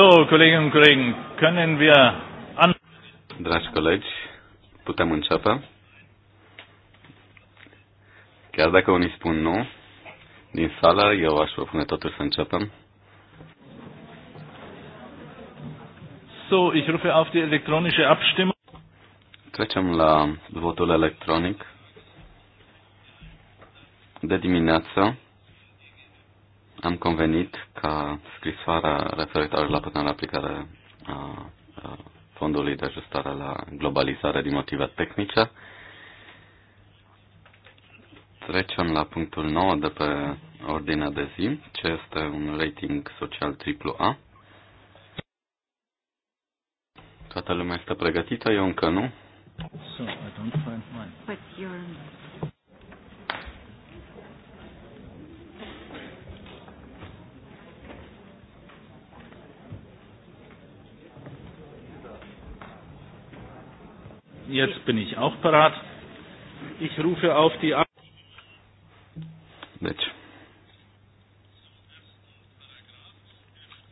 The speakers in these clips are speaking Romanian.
So, Kolleginnen und Kollegen, können wir an Dragi colegi, putem începe. Chiar dacă unii spun nu, din sală, eu aș propune totul să începem. So, ich rufe auf die elektronische Abstimmung. Trecem la votul electronic de dimineață am convenit ca scrisoarea referitoare la puterea aplicare a fondului de ajustare la globalizare din motive tehnice. Trecem la punctul 9 de pe ordinea de zi, ce este un rating social AAA. Toată lumea este pregătită, eu încă nu. So, I don't find mine. But you're... Jetzt bin ich auch parat. Ich rufe auf die. Deci.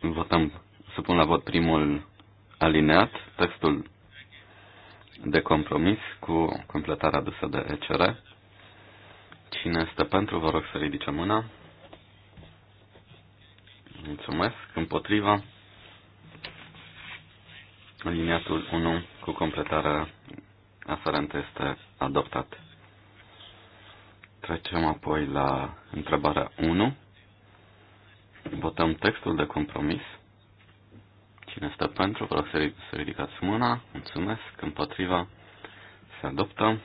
Votăm să pun la vot primul alineat, textul de compromis cu completarea adusă de ECR. Cine este pentru, vă rog să ridice mâna. Mulțumesc. Împotriva. Aliniatul 1 cu completarea aferent este adoptat. Trecem apoi la întrebarea 1. Votăm textul de compromis. Cine stă pentru, vă rog să ridicați mâna. Mulțumesc. Împotriva se adoptă.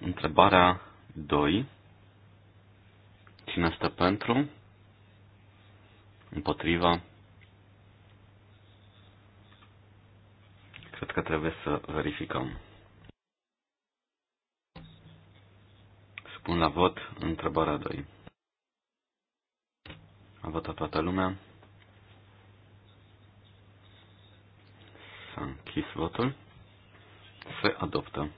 Întrebarea 2. Cine stă pentru? Împotriva Cred că trebuie să verificăm. Spun la vot întrebarea 2. A votat toată lumea. S-a închis votul. Se adoptă.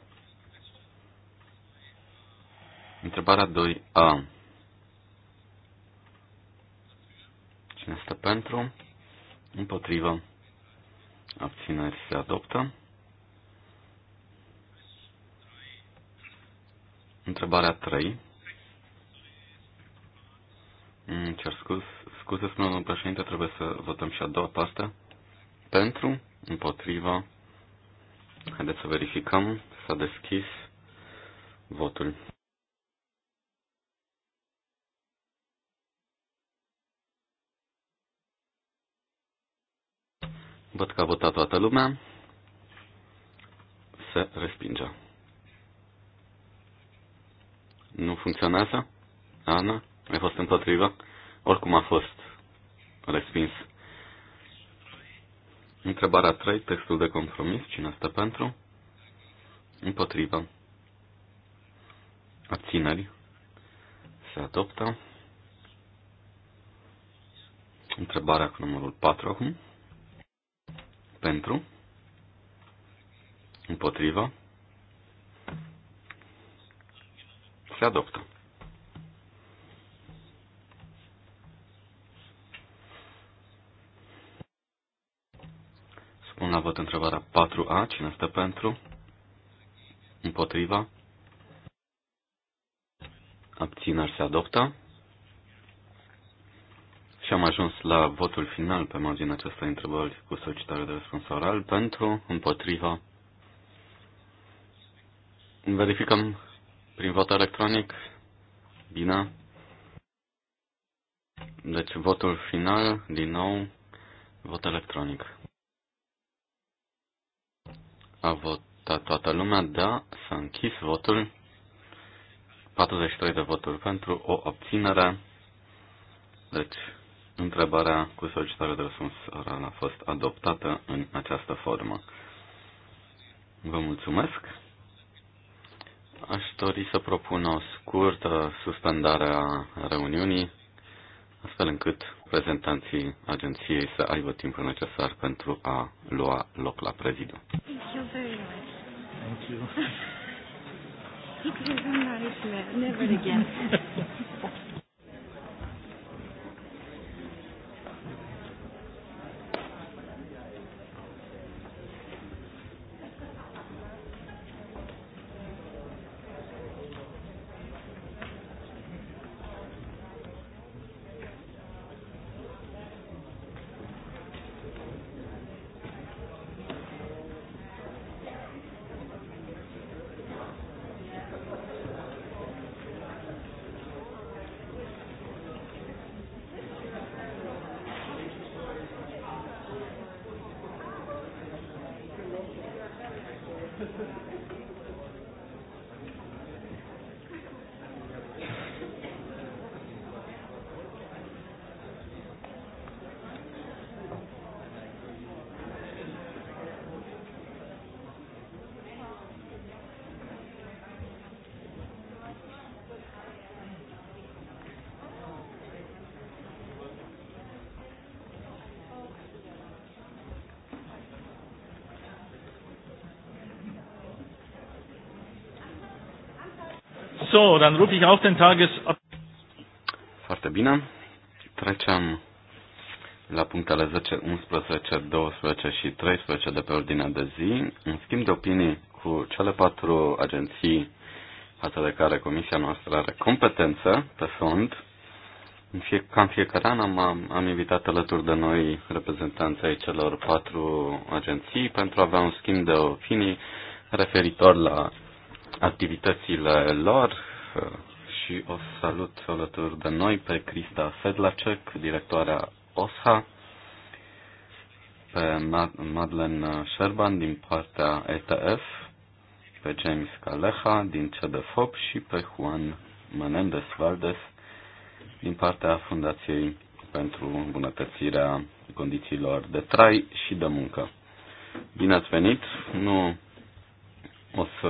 Întrebarea 2a. Cine stă pentru? Împotrivă abțineri se adoptă. Întrebarea 3. Mm, cer scuz, scuze, spune domnul președinte, trebuie să votăm și a doua parte. Pentru, împotriva, haideți să verificăm, s-a deschis votul. Văd că a votat toată lumea. Se respinge. Nu funcționează? Ana? Ai fost împotrivă? Oricum a fost respins. Întrebarea 3, textul de compromis, cine stă pentru? Împotrivă. Abțineri. Se adoptă. Întrebarea cu numărul 4 acum pentru, împotriva, se adoptă. Spun la vot întrebarea 4A, cine stă pentru, împotriva, abțineri se adoptă. Și deci am ajuns la votul final pe marginea acestei întrebări cu solicitare de răspuns oral pentru, împotriva. Verificăm prin vot electronic. Bine. Deci votul final, din nou, vot electronic. A votat toată lumea, da, s-a închis votul. 43 de voturi pentru o obținere. Deci, Întrebarea cu solicitare de răspuns oral a fost adoptată în această formă. Vă mulțumesc. Aș dori să propun o scurtă suspendare a reuniunii, astfel încât reprezentanții agenției să aibă timpul necesar pentru a lua loc la prezidiu. Thank you very much. Thank you. It never again. So, dann rufe ich auch den Tages... Foarte bine. Trecem la punctele 10, 11, 12 și 13 de pe ordinea de zi. În schimb de opinii cu cele patru agenții față de care comisia noastră are competență pe fond, în fie, cam fiecare an am, am invitat alături de noi reprezentanții ai celor patru agenții pentru a avea un schimb de opinii referitor la activitățile lor, și o salut alături de noi pe Crista Sedlacek, directoarea OSHA, pe Madeleine Sherban din partea ETF, pe James Caleha din CDFOP și pe Juan Menendez Valdes din partea Fundației pentru îmbunătățirea condițiilor de trai și de muncă. Bine ați venit! Nu o să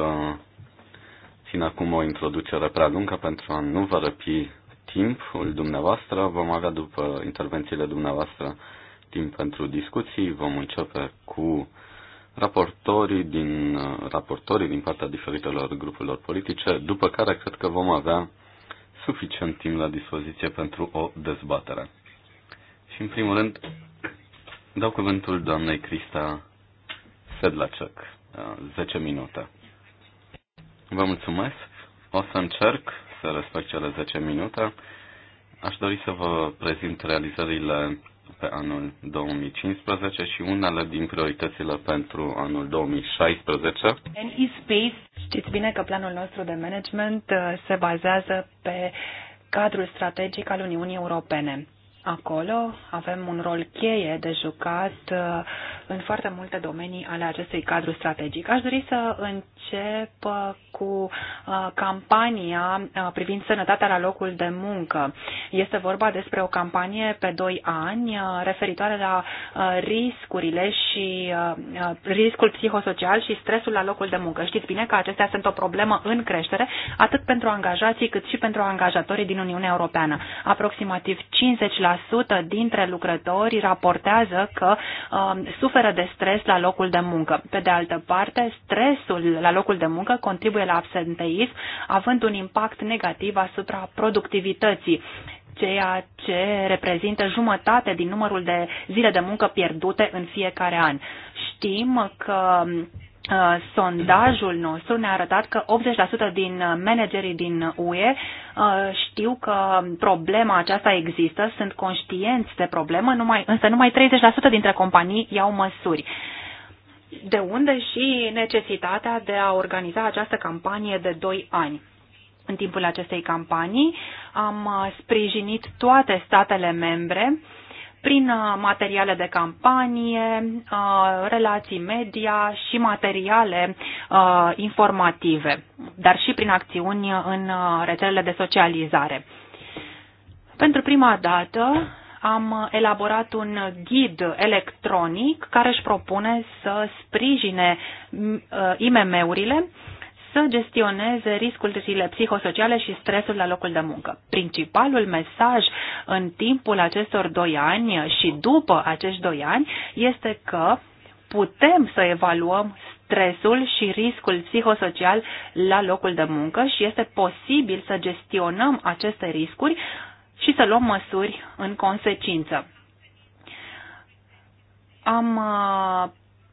puțin acum o introducere prea lungă pentru a nu vă răpi timpul dumneavoastră. Vom avea după intervențiile dumneavoastră timp pentru discuții. Vom începe cu raportorii din, raportorii din partea diferitelor grupurilor politice, după care cred că vom avea suficient timp la dispoziție pentru o dezbatere. Și în primul rând, dau cuvântul doamnei Crista Sedlacek, 10 minute. Vă mulțumesc. O să încerc să respect cele 10 minute. Aș dori să vă prezint realizările pe anul 2015 și unele din prioritățile pentru anul 2016. Știți bine că planul nostru de management uh, se bazează pe cadrul strategic al Uniunii Europene. Acolo avem un rol cheie de jucat uh, în foarte multe domenii ale acestui cadru strategic. Aș dori să încep uh, cu uh, campania privind sănătatea la locul de muncă. Este vorba despre o campanie pe doi ani referitoare la riscurile și riscul psihosocial și stresul la locul de muncă. Știți bine că acestea sunt o problemă în creștere, atât pentru angajații cât și pentru angajatorii din Uniunea Europeană. Aproximativ 50% 40% dintre lucrători raportează că uh, suferă de stres la locul de muncă. Pe de altă parte, stresul la locul de muncă contribuie la absenteism, având un impact negativ asupra productivității ceea ce reprezintă jumătate din numărul de zile de muncă pierdute în fiecare an. Știm că um, Uh, sondajul nostru ne-a arătat că 80% din uh, managerii din UE uh, știu că problema aceasta există, sunt conștienți de problemă, numai, însă numai 30% dintre companii iau măsuri. De unde și necesitatea de a organiza această campanie de 2 ani. În timpul acestei campanii am sprijinit toate statele membre uh, prin uh, materiale de campanie, uh, relații media și materiale uh, informative, dar și prin acțiuni în rețelele de socializare. Pentru prima dată am elaborat un ghid electronic care își propune să sprijine IMM-urile să gestioneze riscurile psihosociale și stresul la locul de muncă. Principalul mesaj în timpul acestor doi ani și după acești doi ani este că putem să evaluăm stresul și riscul psihosocial la locul de muncă și este posibil să gestionăm aceste riscuri și să luăm măsuri în consecință. Am uh,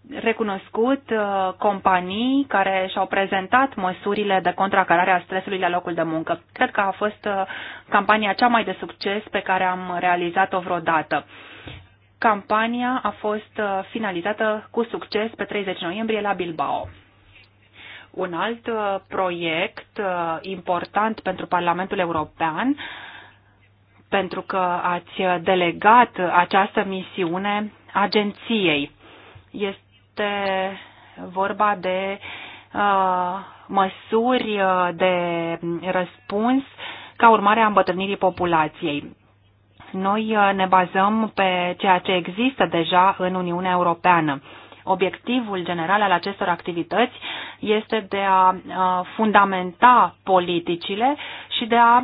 recunoscut uh, companii care și-au prezentat măsurile de contracarare a stresului la locul de muncă. Cred că a fost uh, campania cea mai de succes pe care am realizat-o vreodată. Campania a fost uh, finalizată cu succes pe 30 noiembrie la Bilbao. Un alt proiect important pentru Parlamentul European, pentru că ați delegat această misiune agenției. Este este vorba de uh, măsuri uh, de răspuns ca urmare a îmbătrânirii populației. Noi uh, ne bazăm pe ceea ce există deja în Uniunea Europeană. Obiectivul general al acestor activități este de a fundamenta politicile și de a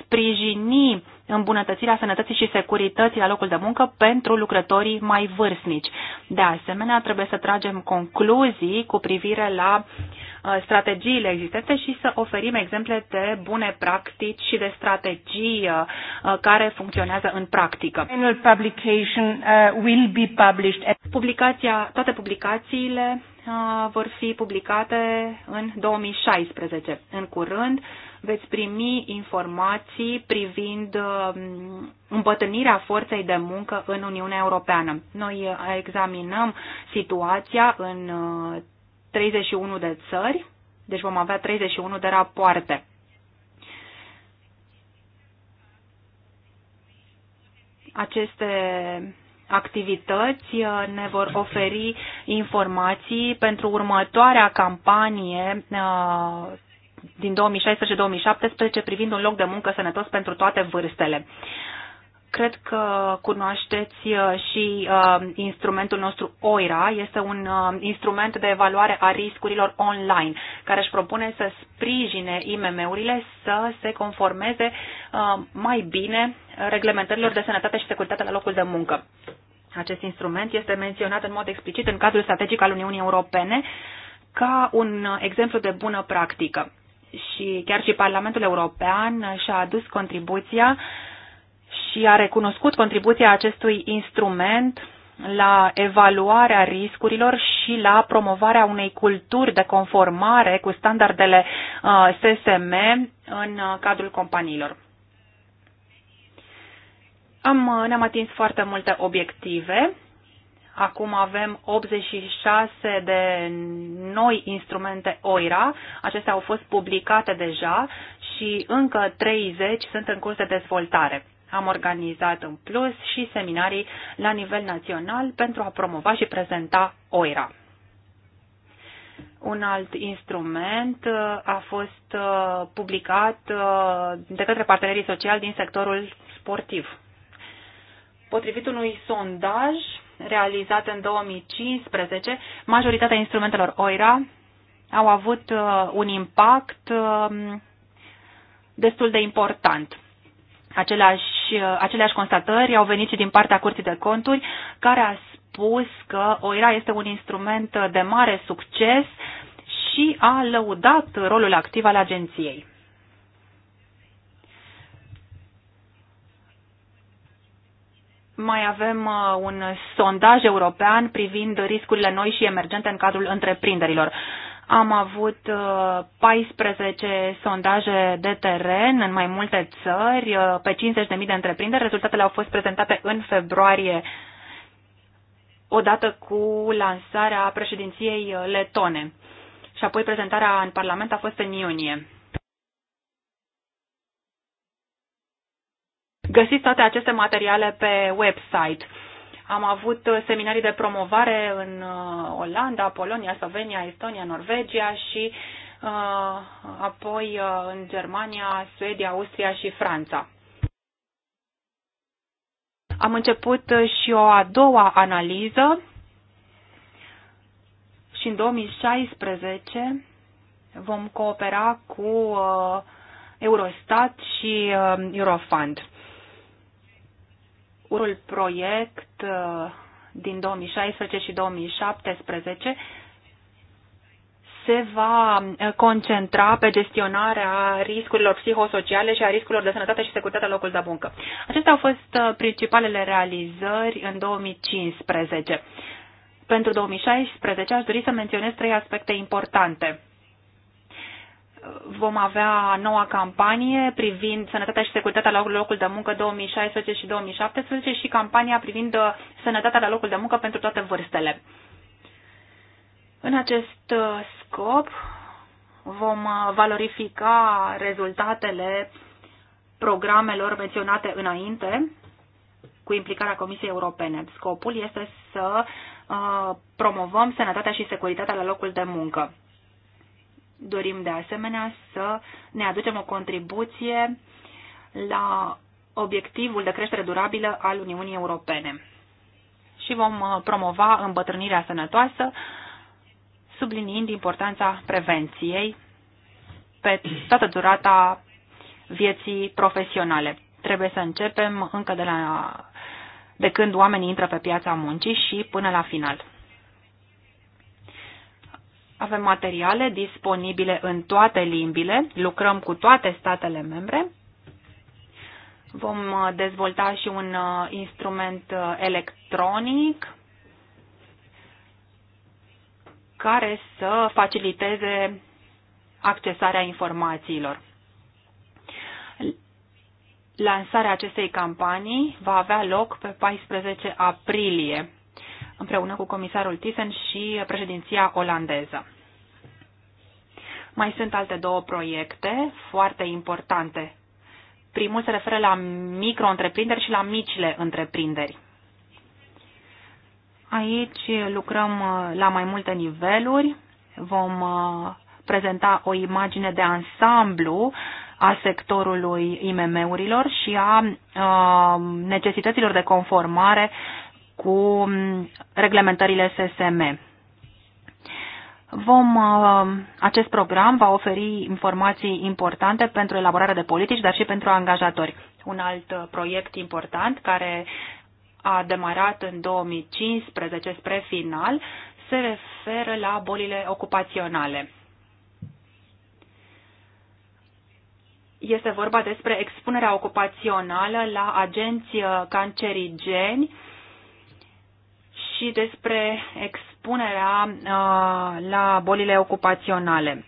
sprijini îmbunătățirea sănătății și securității la locul de muncă pentru lucrătorii mai vârstnici. De asemenea, trebuie să tragem concluzii cu privire la uh, strategiile existente și să oferim exemple de bune practici și de strategii uh, care funcționează în practică. Uh, Publicația, toate publicațiile vor fi publicate în 2016. În curând, veți primi informații privind um, îmbătrânirea forței de muncă în Uniunea Europeană. Noi examinăm situația în 31 uh, de țări, deci vom avea 31 de rapoarte. Aceste activități uh, ne vor oferi informații pentru următoarea campanie uh, din 2016-2017 privind un loc de muncă sănătos pentru toate vârstele. Cred că cunoașteți uh, și uh, instrumentul nostru OIRA. Este un uh, instrument de evaluare a riscurilor online, care își propune să sprijine IMM-urile să se conformeze uh, mai bine reglementărilor de sănătate și securitate la locul de muncă. Acest instrument este menționat în mod explicit în cadrul strategic al Uniunii Europene ca un uh, exemplu de bună practică și chiar și Parlamentul European și-a adus contribuția și a recunoscut contribuția acestui instrument la evaluarea riscurilor și la promovarea unei culturi de conformare cu standardele uh, SSM în uh, cadrul companiilor. Am, uh, ne-am atins foarte multe obiective Acum avem 86 de noi instrumente OIRA. Acestea au fost publicate deja și încă 30 sunt în curs de dezvoltare. Am organizat în plus și seminarii la nivel național pentru a promova și prezenta OIRA. Un alt instrument uh, a fost uh, publicat uh, de către partenerii sociali din sectorul sportiv. Potrivit unui sondaj, realizat în 2015, majoritatea instrumentelor OIRA au avut uh, un impact um, destul de important. Aceleași, uh, aceleași constatări au venit și din partea Curții de Conturi, care a spus că OIRA este un instrument de mare succes și a lăudat rolul activ al agenției. mai avem uh, un sondaj european privind riscurile noi și emergente în cadrul întreprinderilor. Am avut 14 uh, sondaje de teren în mai multe țări, uh, pe 50.000 de întreprinderi. Rezultatele au fost prezentate în februarie, odată cu lansarea președinției letone. Și apoi prezentarea în Parlament a fost în iunie. Găsiți toate aceste materiale pe website. Am avut seminarii de promovare în uh, Olanda, Polonia, Slovenia, Estonia, Norvegia și uh, apoi uh, în Germania, Suedia, Austria și Franța. Am început și o a doua analiză și în 2016 vom coopera cu Eurostat și Eurofund. Urul proiect uh, din 2016 și 2017 se va uh, concentra pe gestionarea riscurilor psihosociale și a riscurilor de sănătate și securitate la locul de muncă. Acestea au fost uh, principalele realizări în 2015. Pentru 2016 aș dori să menționez trei aspecte importante vom avea noua campanie privind sănătatea și securitatea la locul de muncă 2016 și 2017 și campania privind uh, sănătatea la locul de muncă pentru toate vârstele. În acest uh, scop vom uh, valorifica rezultatele programelor menționate înainte cu implicarea Comisiei Europene. Scopul este să promovăm sănătatea și securitatea la locul de muncă. Dorim de asemenea să ne aducem o contribuție la obiectivul de creștere durabilă al Uniunii Europene și vom uh, promova îmbătrânirea sănătoasă, subliniind importanța prevenției pe toată durata vieții profesionale. Trebuie să începem încă de la de când oamenii intră pe piața muncii și până la final. Avem materiale disponibile în toate limbile, lucrăm cu toate statele membre. Vom uh, dezvolta și un uh, instrument uh, electronic care să faciliteze accesarea informațiilor. Lansarea acestei campanii va avea loc pe 14 aprilie împreună cu comisarul Thyssen și președinția olandeză. Mai sunt alte două proiecte foarte importante. Primul se referă la micro-întreprinderi și la micile întreprinderi. Aici lucrăm uh, la mai multe niveluri. Vom uh, prezenta o imagine de ansamblu a sectorului IMM-urilor și a uh, necesităților de conformare cu mm, reglementările SSM. Vom, uh, acest program va oferi informații importante pentru elaborarea de politici, dar și pentru angajatori. Un alt uh, proiect important care a demarat în 2015 spre final se referă la bolile ocupaționale. Este vorba despre expunerea ocupațională la agenți uh, cancerigeni și despre expunerea uh, la bolile ocupaționale.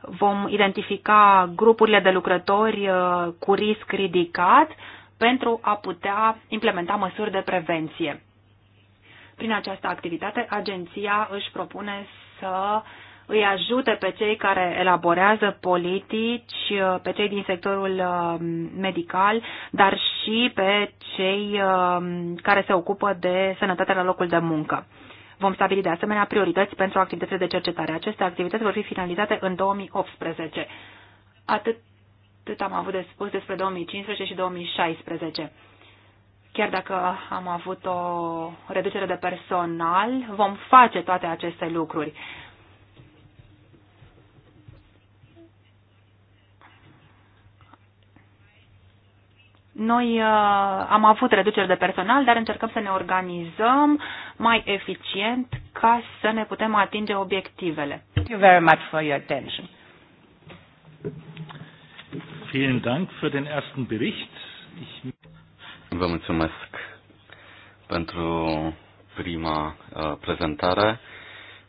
Vom identifica grupurile de lucrători uh, cu risc ridicat pentru a putea implementa măsuri de prevenție. Prin această activitate, agenția își propune să îi ajute pe cei care elaborează politici, pe cei din sectorul uh, medical, dar și pe cei uh, care se ocupă de sănătatea la locul de muncă. Vom stabili de asemenea priorități pentru activitățile de cercetare. Aceste activități vor fi finalizate în 2018. Atât, atât am avut de spus despre 2015 și 2016 chiar dacă am avut o reducere de personal, vom face toate aceste lucruri. Noi uh, am avut reduceri de personal, dar încercăm să ne organizăm mai eficient ca să ne putem atinge obiectivele. Thank you very much for your attention. Vielen Dank für den ersten Bericht. Ich... Vă mulțumesc pentru prima uh, prezentare.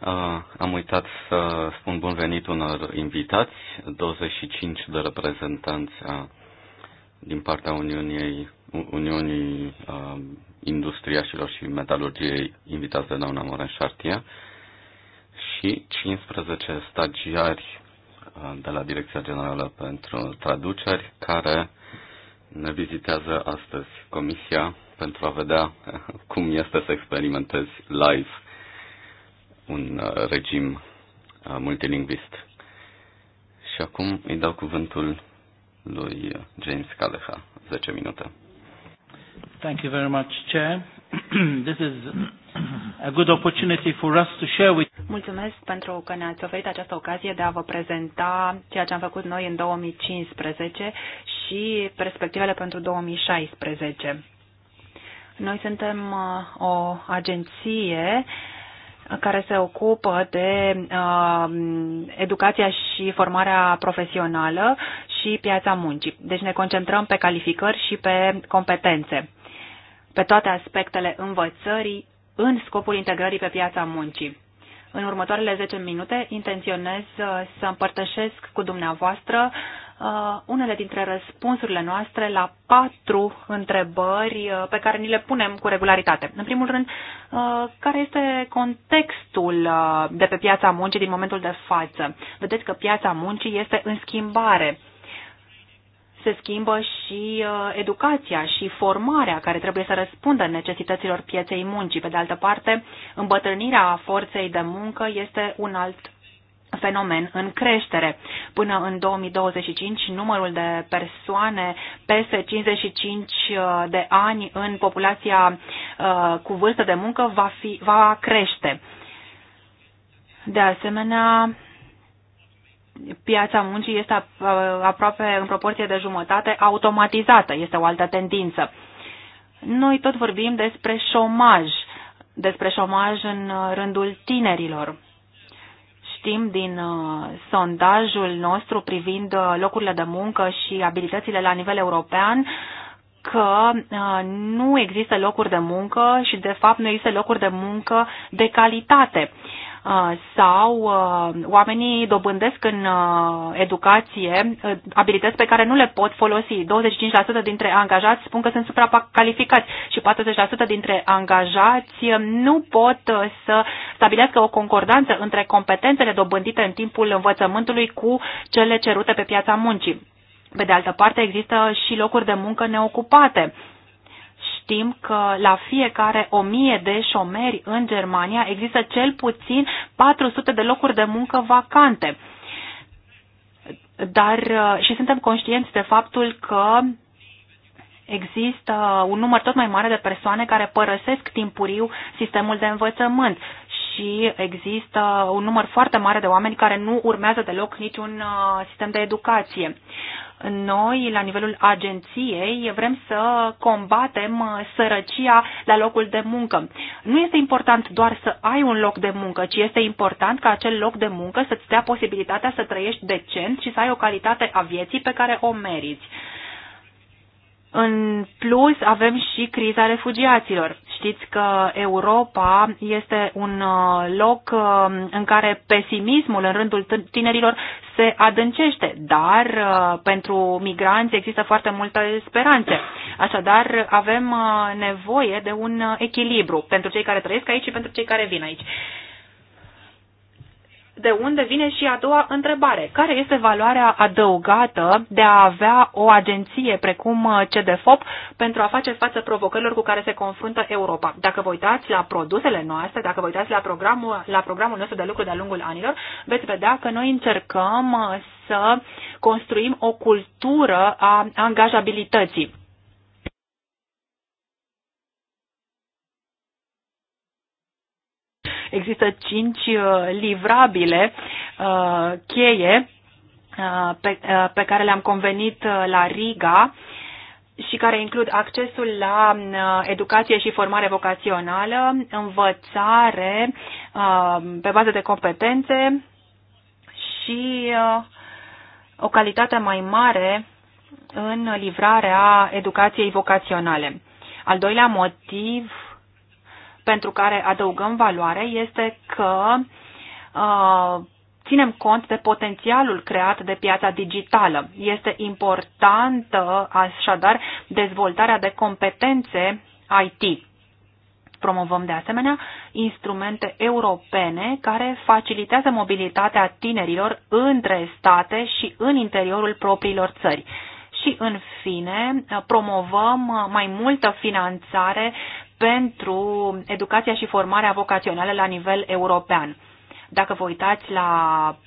Uh, am uitat să spun bun venit unor invitați, 25 de reprezentanți a uh, din partea Uniunii, Uniunii uh, Industriașilor și Metalurgiei invitați de doamna Moren șartia și 15 stagiari uh, de la Direcția Generală pentru Traduceri care ne vizitează astăzi comisia pentru a vedea cum este să experimentezi live un uh, regim uh, multilingvist. Și acum îi dau cuvântul lui James Kaleha. 10 minute. Thank you very much, Chair. This is a good opportunity for us to share with Mulțumesc pentru că ne-ați oferit această ocazie de a vă prezenta ceea ce am făcut noi în 2015 și perspectivele pentru 2016. Noi suntem uh, o agenție uh, care se ocupă de uh, educația și formarea profesională și piața muncii. Deci ne concentrăm pe calificări și pe competențe, pe toate aspectele învățării în scopul integrării pe piața muncii. În următoarele 10 minute intenționez uh, să împărtășesc cu dumneavoastră uh, uh, unele dintre răspunsurile noastre la patru întrebări uh, pe care ni le punem cu regularitate. În primul rând, uh, care este contextul uh, de pe piața muncii din momentul de față? Vedeți că piața muncii este în schimbare se schimbă și uh, educația și formarea care trebuie să răspundă necesităților pieței muncii. Pe de altă parte, îmbătrânirea forței de muncă este un alt fenomen în creștere. Până în 2025, numărul de persoane peste 55 uh, de ani în populația uh, cu vârstă de muncă va, fi, va crește. De asemenea, piața muncii este uh, aproape în proporție de jumătate automatizată. Este o altă tendință. Noi tot vorbim despre șomaj, despre șomaj în rândul tinerilor știm din uh, sondajul nostru privind uh, locurile de muncă și abilitățile la nivel european că uh, nu există locuri de muncă și, de fapt, nu există locuri de muncă de calitate. Uh, sau uh, oamenii dobândesc în uh, educație abilități pe care nu le pot folosi. 25% dintre angajați spun că sunt supracalificați și 40% dintre angajați nu pot să stabilească o concordanță între competențele dobândite în timpul învățământului cu cele cerute pe piața muncii. Pe de altă parte, există și locuri de muncă neocupate știm că la fiecare o mie de șomeri în Germania există cel puțin 400 de locuri de muncă vacante. Dar uh, și suntem conștienți de faptul că există un număr tot mai mare de persoane care părăsesc timpuriu sistemul de învățământ și există un număr foarte mare de oameni care nu urmează deloc niciun uh, sistem de educație. Noi, la nivelul agenției, vrem să combatem uh, sărăcia la locul de muncă. Nu este important doar să ai un loc de muncă, ci este important ca acel loc de muncă să-ți dea posibilitatea să trăiești decent și să ai o calitate a vieții pe care o meriți. În plus, avem și criza refugiaților știți că Europa este un uh, loc uh, în care pesimismul în rândul tinerilor se adâncește, dar uh, pentru migranți există foarte multe speranțe. Așadar, avem nevoie de un echilibru pentru cei care trăiesc aici și pentru cei care vin aici de unde vine și a doua întrebare. Care este valoarea adăugată de a avea o agenție precum uh, CDFOP pentru a face față provocărilor cu care se confruntă Europa? Dacă vă uitați la produsele noastre, dacă vă uitați la programul, la programul nostru de lucru de-a lungul anilor, veți vedea că noi încercăm uh, să construim o cultură a angajabilității există cinci uh, livrabile uh, cheie uh, pe care le-am convenit la Riga și care includ accesul la educație și formare vocațională, învățare pe bază de competențe și o calitate mai mare în livrarea educației vocaționale. Al doilea motiv pentru care adăugăm valoare este că uh, ținem cont de potențialul creat de piața digitală. Este importantă așadar dezvoltarea de competențe IT. Promovăm de asemenea instrumente europene care facilitează mobilitatea tinerilor între state și în interiorul propriilor țări. Și, în fine, promovăm mai multă finanțare pentru educația și formarea vocațională la nivel european. Dacă vă uitați la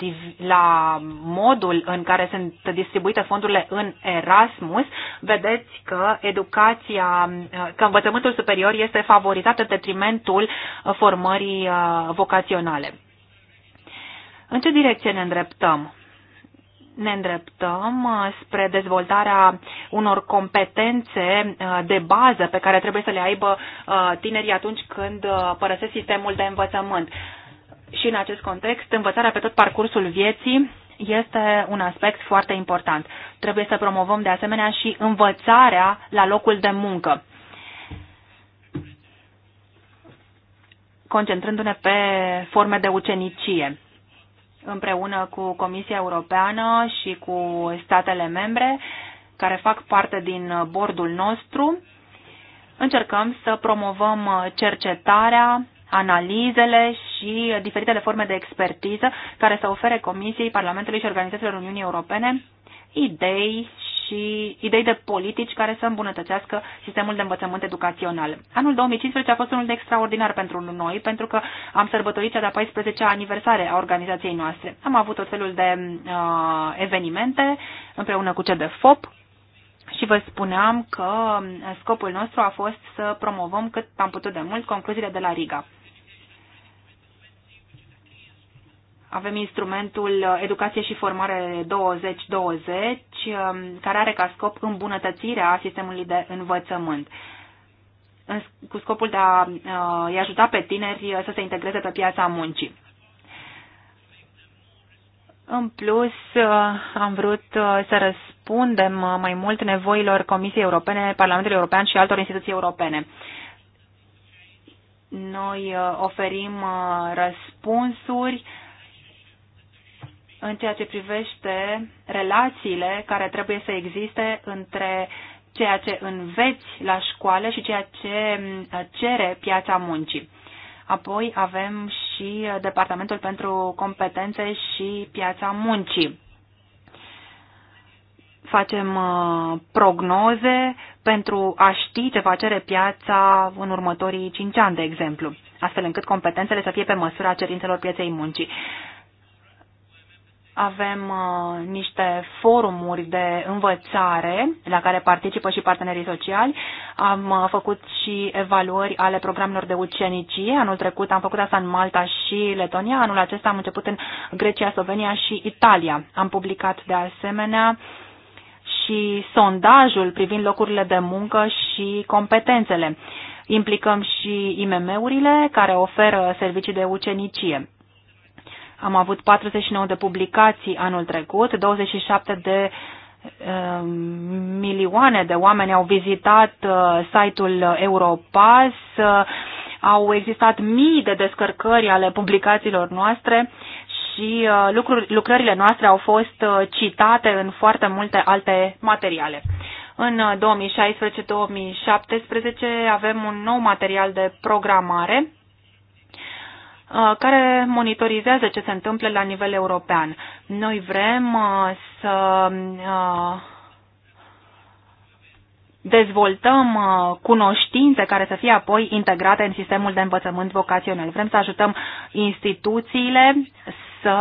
uh, la modul în care sunt distribuite fondurile în Erasmus, vedeți că educația, uh, că învățământul superior este favorizat în detrimentul formării uh, vocaționale. În ce direcție ne îndreptăm? ne îndreptăm uh, spre dezvoltarea unor competențe uh, de bază pe care trebuie să le aibă uh, tinerii atunci când părăsesc sistemul de învățământ. Și în acest context, învățarea pe tot parcursul vieții este un aspect foarte important. Trebuie să promovăm de asemenea și învățarea la locul de muncă. concentrându-ne pe forme de ucenicie împreună cu Comisia Europeană și cu statele membre care fac parte din bordul nostru. Încercăm să promovăm cercetarea, analizele și diferitele forme de expertiză care să ofere Comisiei, Parlamentului și organizațiilor Uniunii Europene idei și idei de politici care să îmbunătățească sistemul de învățământ educațional. Anul 2015 a fost unul de extraordinar pentru noi, pentru că am sărbătorit cea de-a 14-a aniversare a organizației noastre. Am avut tot felul de uh, evenimente împreună cu de FOP și vă spuneam că scopul nostru a fost să promovăm cât am putut de mult concluziile de la Riga. Avem instrumentul Educație și Formare 2020, um, care are ca scop îmbunătățirea sistemului de învățământ cu scopul de a-i uh, ajuta pe tineri să se integreze pe piața muncii. În plus, uh, am vrut uh, să răspundem mai mult nevoilor Comisiei Europene, Parlamentului European și altor instituții europene. Noi oferim răspunsuri în ceea ce privește relațiile care trebuie să existe între ceea ce înveți la școală și ceea ce cere piața muncii. Apoi avem și Departamentul pentru Competențe și Piața Muncii. Facem uh, prognoze pentru a ști ce va cere piața în următorii 5 ani, de exemplu, astfel încât competențele să fie pe măsura cerințelor pieței muncii avem uh, niște forumuri de învățare la care participă și partenerii sociali. Am uh, făcut și evaluări ale programelor de ucenicie. Anul trecut am făcut asta în Malta și Letonia. Anul acesta am început în Grecia, Slovenia și Italia. Am publicat de asemenea și sondajul privind locurile de muncă și competențele. Implicăm și IMM-urile care oferă servicii de ucenicie. Am avut 49 de publicații anul trecut, 27 de uh, milioane de oameni au vizitat uh, site-ul Europass, uh, au existat mii de descărcări ale publicațiilor noastre și lucruri, lucrările noastre au fost citate în foarte multe alte materiale. În 2016-2017 avem un nou material de programare Uh, care monitorizează ce se întâmplă la nivel european. Noi vrem uh, să uh, dezvoltăm cunoștințe care să fie apoi integrate în sistemul de învățământ vocațional. Vrem să ajutăm instituțiile să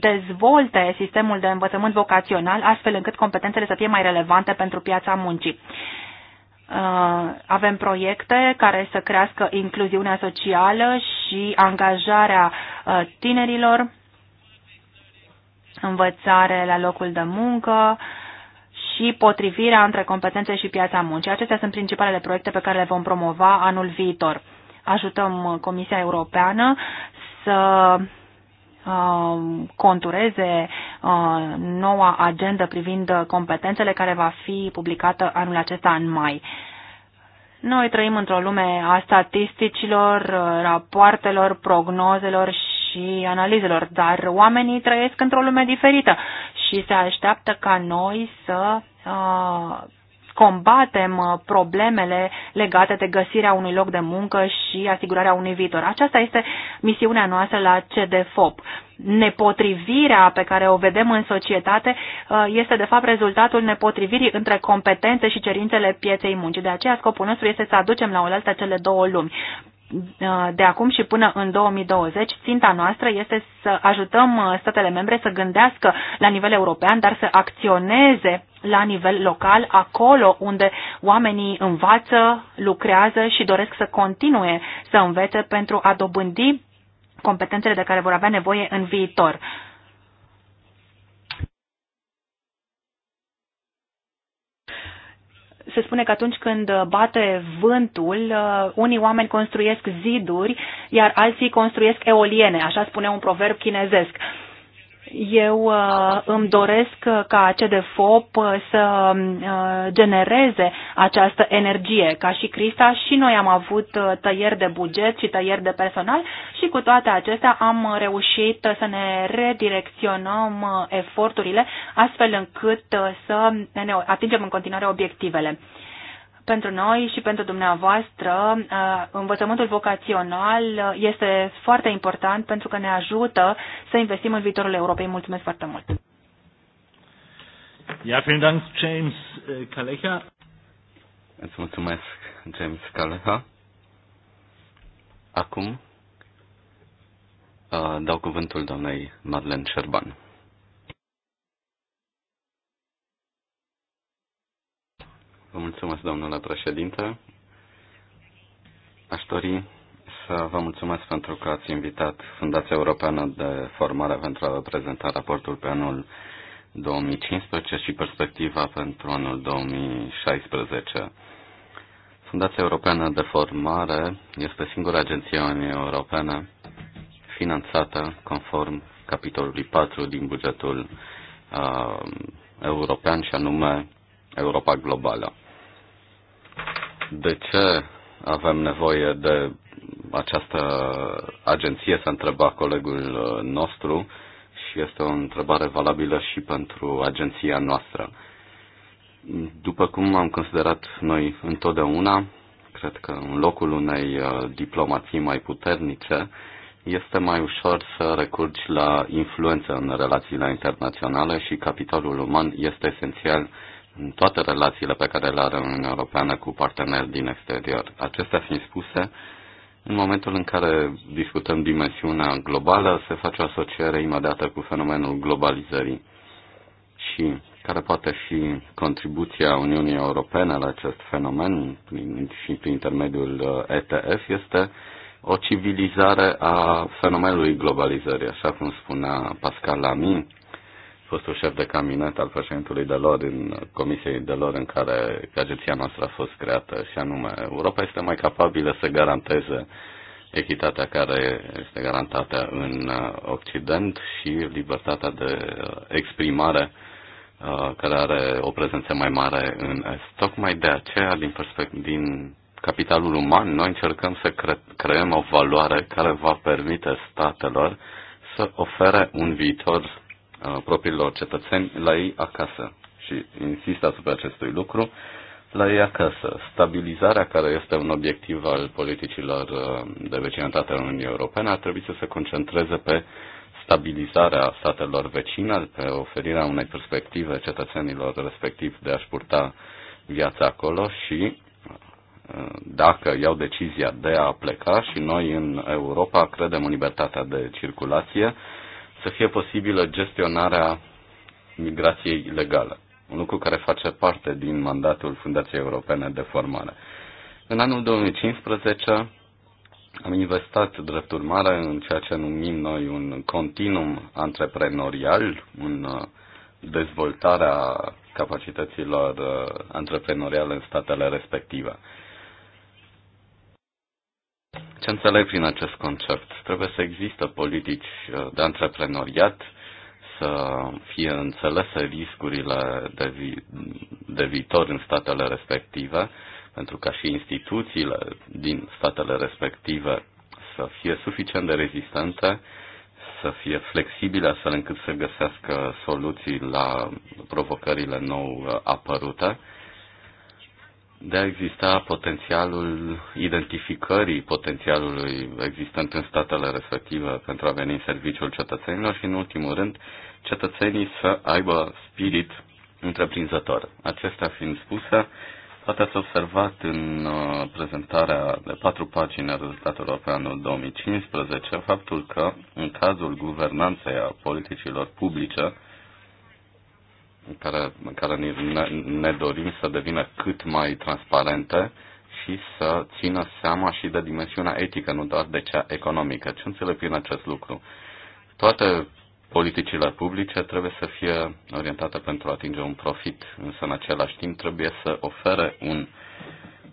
dezvolte sistemul de învățământ vocațional astfel încât competențele să fie mai relevante pentru piața muncii. Uh, avem proiecte care să crească incluziunea socială și angajarea uh, tinerilor, învățare la locul de muncă și potrivirea între competențe și piața muncii. Acestea sunt principalele proiecte pe care le vom promova anul viitor. Ajutăm Comisia Europeană să Um, contureze uh, noua agendă privind competențele care va fi publicată anul acesta în mai. Noi trăim într-o lume a statisticilor, rapoartelor, prognozelor și analizelor, dar oamenii trăiesc într-o lume diferită și se așteaptă ca noi să uh, combatem uh, problemele legate de găsirea unui loc de muncă și asigurarea unui viitor. Aceasta este misiunea noastră la CDFOP. Nepotrivirea pe care o vedem în societate uh, este de fapt rezultatul nepotrivirii între competențe și cerințele pieței muncii. De aceea scopul nostru este să aducem la oaltă cele două lumi. Uh, de acum și până în 2020, ținta noastră este să ajutăm uh, statele membre să gândească la nivel european, dar să acționeze la nivel local, acolo unde oamenii învață, lucrează și doresc să continue să învețe pentru a dobândi competențele de care vor avea nevoie în viitor. se spune că atunci când bate vântul, uh, unii oameni construiesc ziduri, iar alții construiesc eoliene, așa spune un proverb chinezesc. Eu uh, îmi doresc ca CDFOP uh, să uh, genereze această energie. Ca și Crista, și noi am avut tăieri de buget și tăieri de personal și cu toate acestea am reușit să ne redirecționăm eforturile astfel încât să ne atingem în continuare obiectivele. Pentru noi și pentru dumneavoastră, uh, învățământul vocațional uh, este foarte important pentru că ne ajută să investim în viitorul Europei. Mulțumesc foarte mult! Ja, vielen Dank, James äh, Kalecha. Îți mulțumesc, James Kalecha. Acum uh, dau cuvântul doamnei Madeleine Șerban. Vă mulțumesc, domnule președinte. Aș dori să vă mulțumesc pentru că ați invitat Fundația Europeană de Formare pentru a vă prezenta raportul pe anul 2015 și perspectiva pentru anul 2016. Fundația Europeană de Formare este singura agenție a Uniunii Europene finanțată conform capitolului 4 din bugetul uh, european și anume Europa Globală de ce avem nevoie de această agenție, s-a întrebat colegul uh, nostru și este o întrebare valabilă și pentru agenția noastră. După cum am considerat noi întotdeauna, cred că în locul unei uh, diplomații mai puternice, este mai ușor să recurgi la influență în relațiile internaționale și capitalul uman este esențial în toate relațiile pe care le are Uniunea Europeană cu parteneri din exterior. Acestea fiind spuse, în momentul în care discutăm dimensiunea globală, se face o asociere imediată cu fenomenul globalizării și care poate fi contribuția Uniunii Europene la acest fenomen prin, și prin intermediul uh, ETF este o civilizare a fenomenului globalizării, așa cum spunea Pascal Lamy, fostul șef de caminet al președintului de lor în comisiei de lor în care agenția noastră a fost creată și anume Europa este mai capabilă să garanteze echitatea care este garantată în uh, Occident și libertatea de uh, exprimare uh, care are o prezență mai mare în Est. Tocmai de aceea, din, din capitalul uman, noi încercăm să cre- creăm o valoare care va permite statelor să ofere un viitor Uh, propriilor cetățeni la ei acasă. Și insist asupra acestui lucru, la ei acasă. Stabilizarea, care este un obiectiv al politicilor uh, de vecinătate în Uniunea Europeană, ar trebui să se concentreze pe stabilizarea statelor vecine, pe oferirea unei perspective cetățenilor respectiv de a-și purta viața acolo și uh, dacă iau decizia de a pleca și noi în Europa credem în libertatea de circulație, să fie posibilă gestionarea migrației ilegale, un lucru care face parte din mandatul Fundației Europene de Formare. În anul 2015 am investat drept urmare în ceea ce numim noi un continuum antreprenorial, în uh, dezvoltarea capacităților uh, antreprenoriale în statele respective. Ce înțeleg prin acest concept? Trebuie să există politici uh, de antreprenoriat, să fie înțelese riscurile de, vi- de viitor în statele respective, pentru ca și instituțiile din statele respective să fie suficient de rezistente, să fie flexibile astfel încât să găsească soluții la provocările nou uh, apărute de a exista potențialul identificării potențialului existent în statele respective pentru a veni în serviciul cetățenilor și, în ultimul rând, cetățenii să aibă spirit întreprinzător. Acestea fiind spuse, poate ați observat în uh, prezentarea de patru pagini a rezultatelor pe anul 2015 faptul că, în cazul guvernanței a politicilor publice, care, care ne, ne dorim să devină cât mai transparente și să țină seama și de dimensiunea etică, nu doar de cea economică. Ce înțeleg prin acest lucru? Toate politicile publice trebuie să fie orientate pentru a atinge un profit, însă în același timp trebuie să ofere un,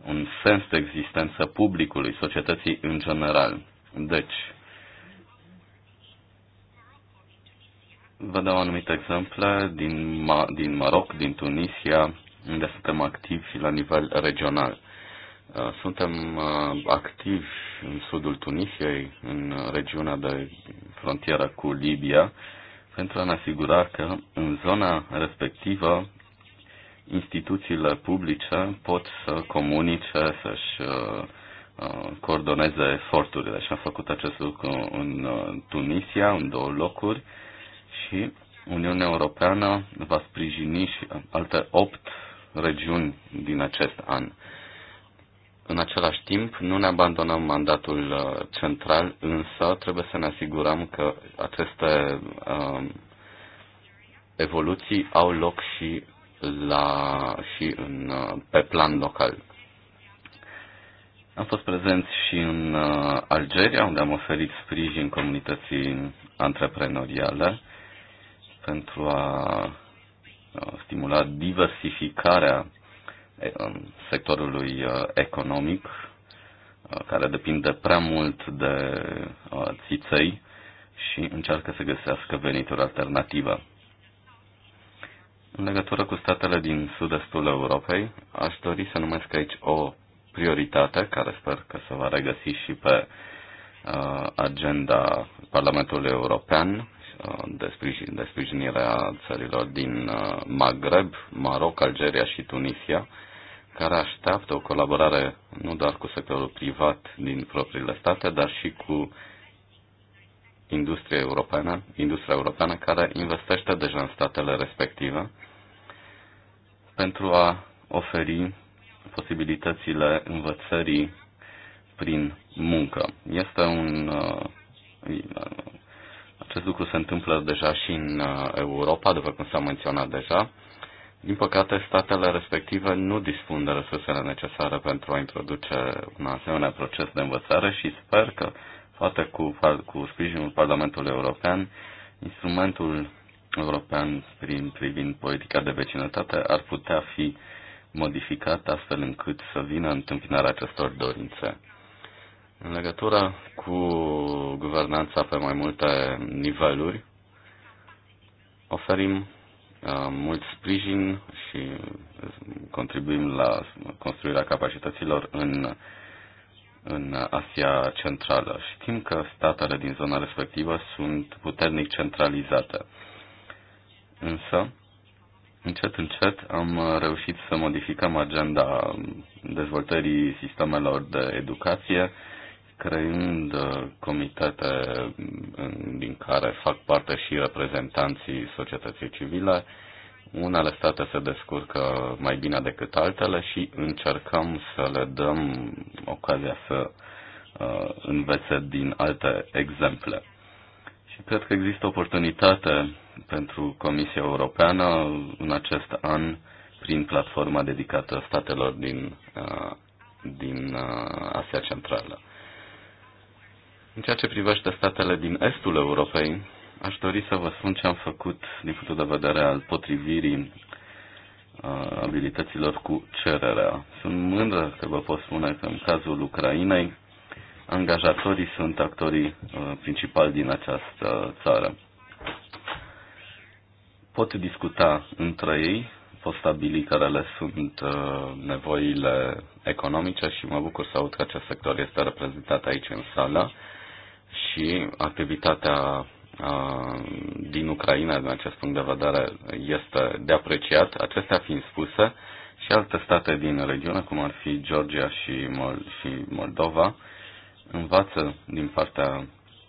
un sens de existență publicului, societății în general. Deci, Vă dau anumite exemple din, Ma- din Maroc, din Tunisia, unde suntem activi la nivel regional. Uh, suntem uh, activi în sudul Tunisiei, în regiunea de frontieră cu Libia, pentru a ne asigura că în zona respectivă instituțiile publice pot să comunice, să-și uh, coordoneze eforturile și am făcut acest lucru în Tunisia, în două locuri, și Uniunea Europeană va sprijini și alte opt regiuni din acest an. În același timp, nu ne abandonăm mandatul uh, central, însă trebuie să ne asigurăm că aceste uh, evoluții au loc și, la, și în, uh, pe plan local. Am fost prezent și în uh, Algeria, unde am oferit sprijin comunității antreprenoriale pentru a stimula diversificarea um, sectorului uh, economic, uh, care depinde prea mult de uh, țiței și încearcă să găsească venituri alternative. În legătură cu statele din sud-estul Europei, aș dori să numesc aici o prioritate care sper că se va regăsi și pe agenda Parlamentului European Uh, de, sprijin, de sprijinire a țărilor din uh, Maghreb, Maroc, Algeria și Tunisia, care așteaptă o colaborare nu doar cu sectorul privat din propriile state, dar și cu industria europeană, industria europeană care investește deja în statele respective pentru a oferi posibilitățile învățării prin muncă. Este un uh, acest lucru se întâmplă deja și în uh, Europa, după cum s-a menționat deja. Din păcate, statele respective nu dispun de resursele necesare pentru a introduce un asemenea proces de învățare și sper că, poate cu, cu sprijinul Parlamentului European, instrumentul european prin, privind politica de vecinătate ar putea fi modificat astfel încât să vină întâmpinarea acestor dorințe. În legătură cu guvernanța pe mai multe niveluri, oferim uh, mult sprijin și uh, contribuim la construirea capacităților în, în Asia Centrală. Știm că statele din zona respectivă sunt puternic centralizate. Însă, încet, încet am reușit să modificăm agenda dezvoltării sistemelor de educație, creând uh, comitete din care fac parte și reprezentanții societății civile. Unele state se descurcă mai bine decât altele și încercăm să le dăm ocazia să uh, învețe din alte exemple. Și cred că există oportunitate pentru Comisia Europeană în acest an prin platforma dedicată statelor din, uh, din Asia Centrală. În ceea ce privește statele din estul Europei, aș dori să vă spun ce am făcut din punctul de vedere al potrivirii uh, abilităților cu cererea. Sunt mândră că vă pot spune că în cazul Ucrainei, angajatorii sunt actorii uh, principali din această țară. Pot discuta între ei, pot stabili care le sunt uh, nevoile economice și mă bucur să aud că acest sector este reprezentat aici în sală și activitatea din Ucraina, din acest punct de vedere, este de apreciat. Acestea fiind spuse, și alte state din regiune, cum ar fi Georgia și, Mol- și Moldova, învață din partea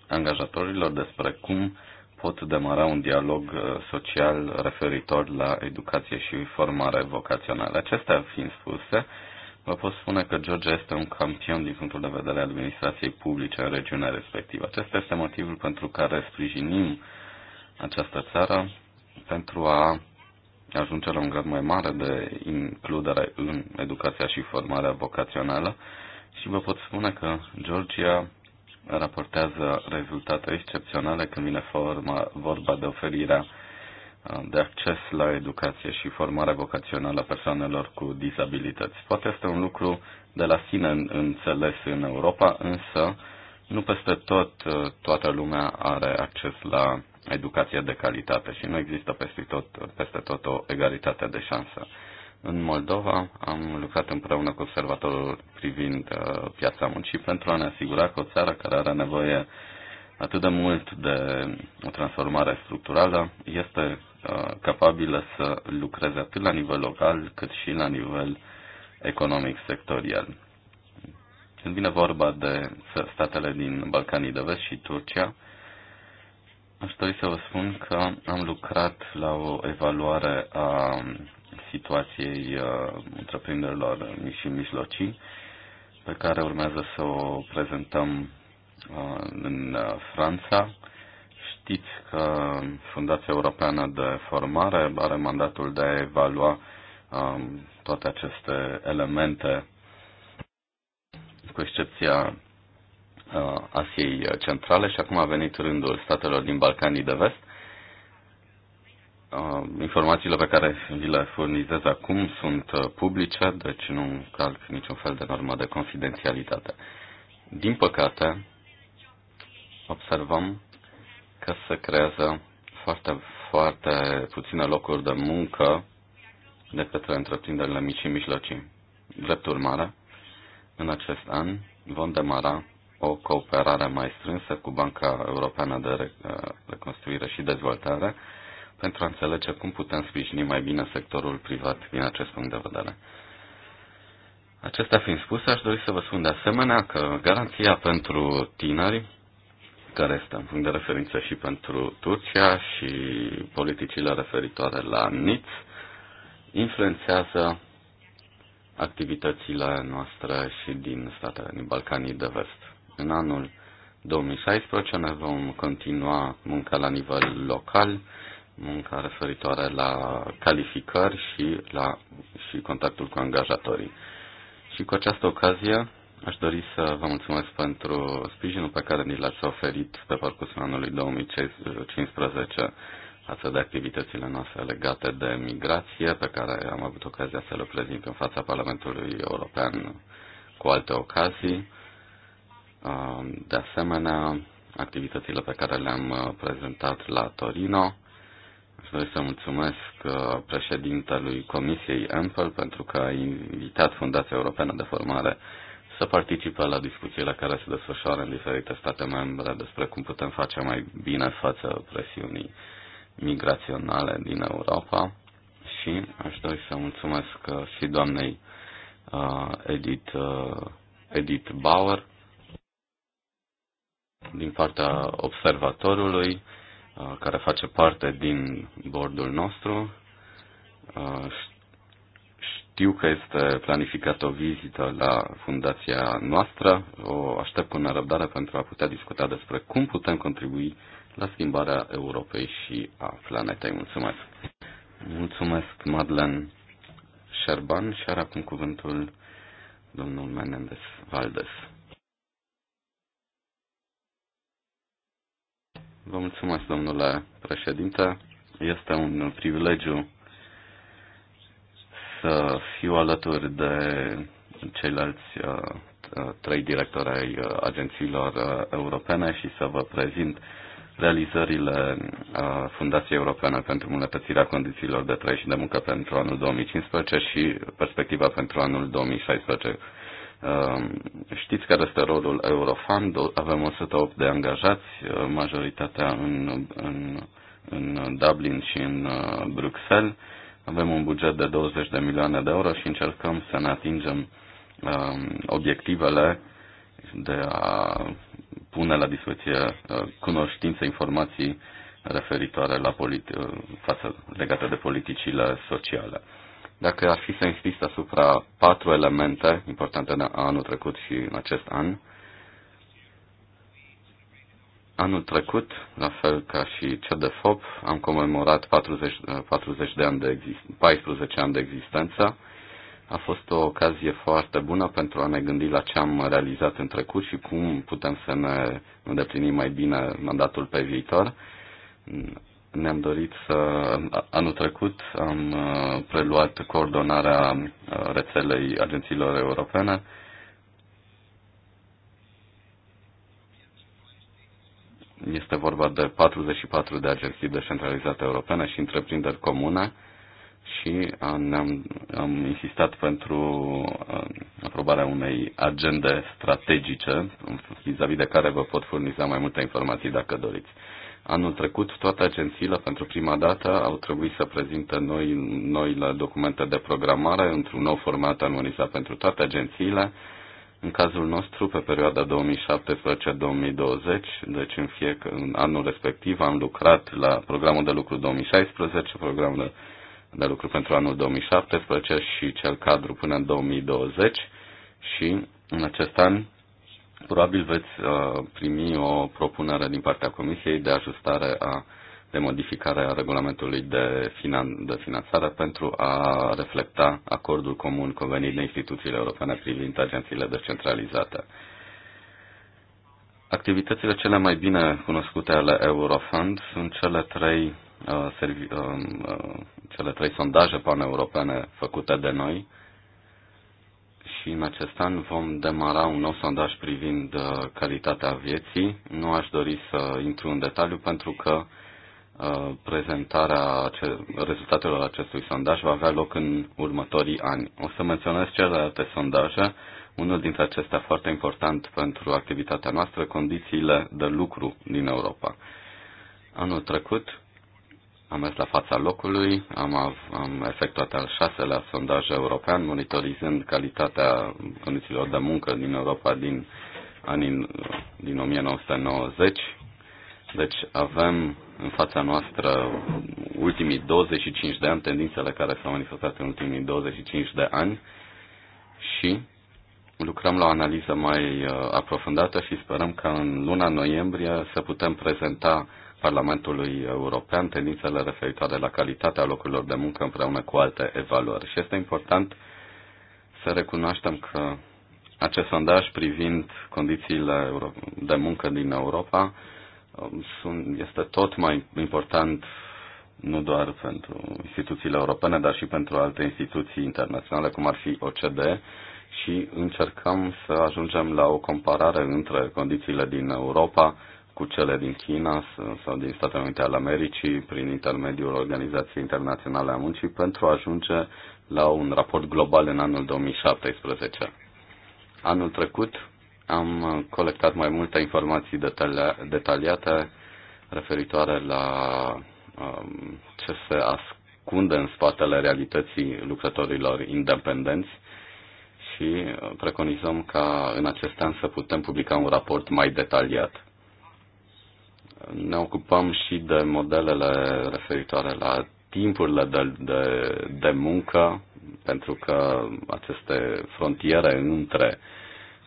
angajatorilor despre cum pot demara un dialog uh, social referitor la educație și formare vocațională. Acestea fiind spuse, vă pot spune că Georgia este un campion din punctul de vedere al administrației publice în regiunea respectivă. Acesta este motivul pentru care sprijinim această țară pentru a ajunge la un grad mai mare de includere în educația și formarea vocațională și vă pot spune că Georgia raportează rezultate excepționale când vine forma, vorba de oferirea de acces la educație și formare vocațională a persoanelor cu dizabilități. Poate este un lucru de la sine înțeles în Europa, însă nu peste tot uh, toată lumea are acces la educație de calitate și nu există peste tot, peste tot o egalitate de șansă. În Moldova am lucrat împreună cu observatorul privind uh, piața muncii pentru a ne asigura că o țară care are nevoie atât de mult de o transformare structurală este Uh, capabile să lucreze atât la nivel local cât și la nivel economic sectorial. Când vine vorba de statele din Balcanii de Vest și Turcia, aș dori să vă spun că am lucrat la o evaluare a situației uh, întreprinderilor mici și mijlocii, pe care urmează să o prezentăm uh, în uh, Franța știți că uh, Fundația Europeană de Formare are mandatul de a evalua um, toate aceste elemente, cu excepția uh, Asiei Centrale și acum a venit rândul statelor din Balcanii de Vest. Uh, informațiile pe care vi le furnizez acum sunt uh, publice, deci nu calc niciun fel de normă de confidențialitate. Din păcate, observăm că se creează foarte, foarte puține locuri de muncă de către întreprinderile mici și mijlocii. Drept urmare, în acest an vom demara o cooperare mai strânsă cu Banca Europeană de eh, Reconstruire și Dezvoltare pentru a înțelege cum putem sprijini mai bine sectorul privat din acest punct de vedere. Acestea fiind spuse, aș dori să vă spun de asemenea că garanția pentru tineri care este un punct de referință și pentru Turcia și politicile referitoare la NITS, influențează activitățile noastre și din statele din Balcanii de Vest. În anul 2016 ne vom continua munca la nivel local, munca referitoare la calificări și, la, și contactul cu angajatorii. Și cu această ocazie Aș dori să vă mulțumesc pentru sprijinul pe care ni l-ați oferit pe parcursul anului 2015 față de activitățile noastre legate de migrație, pe care am avut ocazia să le prezint în fața Parlamentului European cu alte ocazii. De asemenea, activitățile pe care le-am uh, prezentat la Torino. Aș dori să mulțumesc uh, președintelui Comisiei Ample pentru că a invitat Fundația Europeană de Formare să participe la discuțiile care se desfășoară în diferite state membre despre cum putem face mai bine față presiunii migraționale din Europa și aș dori să mulțumesc uh, și doamnei uh, Edith, uh, Edith Bauer din partea observatorului uh, care face parte din bordul nostru. Uh, știu că este planificată o vizită la fundația noastră. O aștept cu nerăbdare pentru a putea discuta despre cum putem contribui la schimbarea Europei și a planetei. Mulțumesc! Mulțumesc, Madlen Șerban și are acum cuvântul domnul Menendez Valdes. Vă mulțumesc, domnule președinte. Este un privilegiu să fiu alături de ceilalți uh, uh, trei directori ai uh, agențiilor europene și să vă prezint realizările Fundației Europene pentru îmbunătățirea condițiilor de trai și de muncă pentru anul 2015 și perspectiva pentru anul 2016. Um, știți care este rolul Eurofund? Avem 108 de angajați, majoritatea în, în, în Dublin și în Bruxelles avem un buget de 20 de milioane de euro și încercăm să ne atingem um, obiectivele de a pune la dispoziție uh, cunoștințe, informații referitoare la politi- uh, față, legate de politicile sociale. Dacă ar fi să insist asupra patru elemente importante de anul trecut și în acest an, Anul trecut, la fel ca și cea de FOP, am comemorat 40, 40 de ani de exist- 14 ani de existență. A fost o ocazie foarte bună pentru a ne gândi la ce am realizat în trecut și cum putem să ne îndeplinim mai bine mandatul pe viitor. Ne-am dorit să... Anul trecut am uh, preluat coordonarea uh, rețelei agențiilor europene Este vorba de 44 de agenții descentralizate europene și întreprinderi comune și ne-am am insistat pentru uh, aprobarea unei agende strategice vis-a-vis -vis de care vă pot furniza mai multe informații dacă doriți. Anul trecut, toate agențiile, pentru prima dată, au trebuit să prezinte noi, noile documente de programare într-un nou format armonizat pentru toate agențiile, în cazul nostru, pe perioada 2017-2020, deci în, fie, în anul respectiv, am lucrat la programul de lucru 2016, programul de lucru pentru anul 2017 și cel cadru până în 2020 și în acest an probabil veți uh, primi o propunere din partea Comisiei de ajustare a de modificare a regulamentului de, finan- de finanțare pentru a reflecta acordul comun convenit de instituțiile europene privind agențiile descentralizate. Activitățile cele mai bine cunoscute ale Eurofund sunt cele trei, uh, servi- uh, uh cele trei sondaje paneuropene făcute de noi și în acest an vom demara un nou sondaj privind uh, calitatea vieții. Nu aș dori să intru în detaliu pentru că uh, Uh, prezentarea rezultatelor acestui sondaj va avea loc în următorii ani. O să menționez celelalte sondaje, unul dintre acestea foarte important pentru activitatea noastră, condițiile de lucru din Europa. Anul trecut am mers la fața locului, am, am efectuat al șaselea sondaj european, monitorizând calitatea condițiilor de muncă din Europa din anii din 1990 deci avem în fața noastră ultimii 25 de ani, tendințele care s-au manifestat în ultimii 25 de ani și lucrăm la o analiză mai uh, aprofundată și sperăm că în luna noiembrie să putem prezenta Parlamentului European tendințele referitoare la calitatea locurilor de muncă împreună cu alte evaluări. Și este important să recunoaștem că acest sondaj privind condițiile de muncă din Europa Um, sunt, este tot mai important nu doar pentru instituțiile europene, dar și pentru alte instituții internaționale, cum ar fi OCD, și încercăm să ajungem la o comparare între condițiile din Europa cu cele din China sau din Statele Unite ale Americii prin intermediul Organizației Internaționale a Muncii pentru a ajunge la un raport global în anul 2017. Anul trecut am uh, colectat mai multe informații detali- detaliate referitoare la um, ce se ascunde în spatele realității lucrătorilor independenți și uh, preconizăm ca în acest an să putem publica un raport mai detaliat. Ne ocupăm și de modelele referitoare la timpurile de, de, de muncă, pentru că aceste frontiere între uh,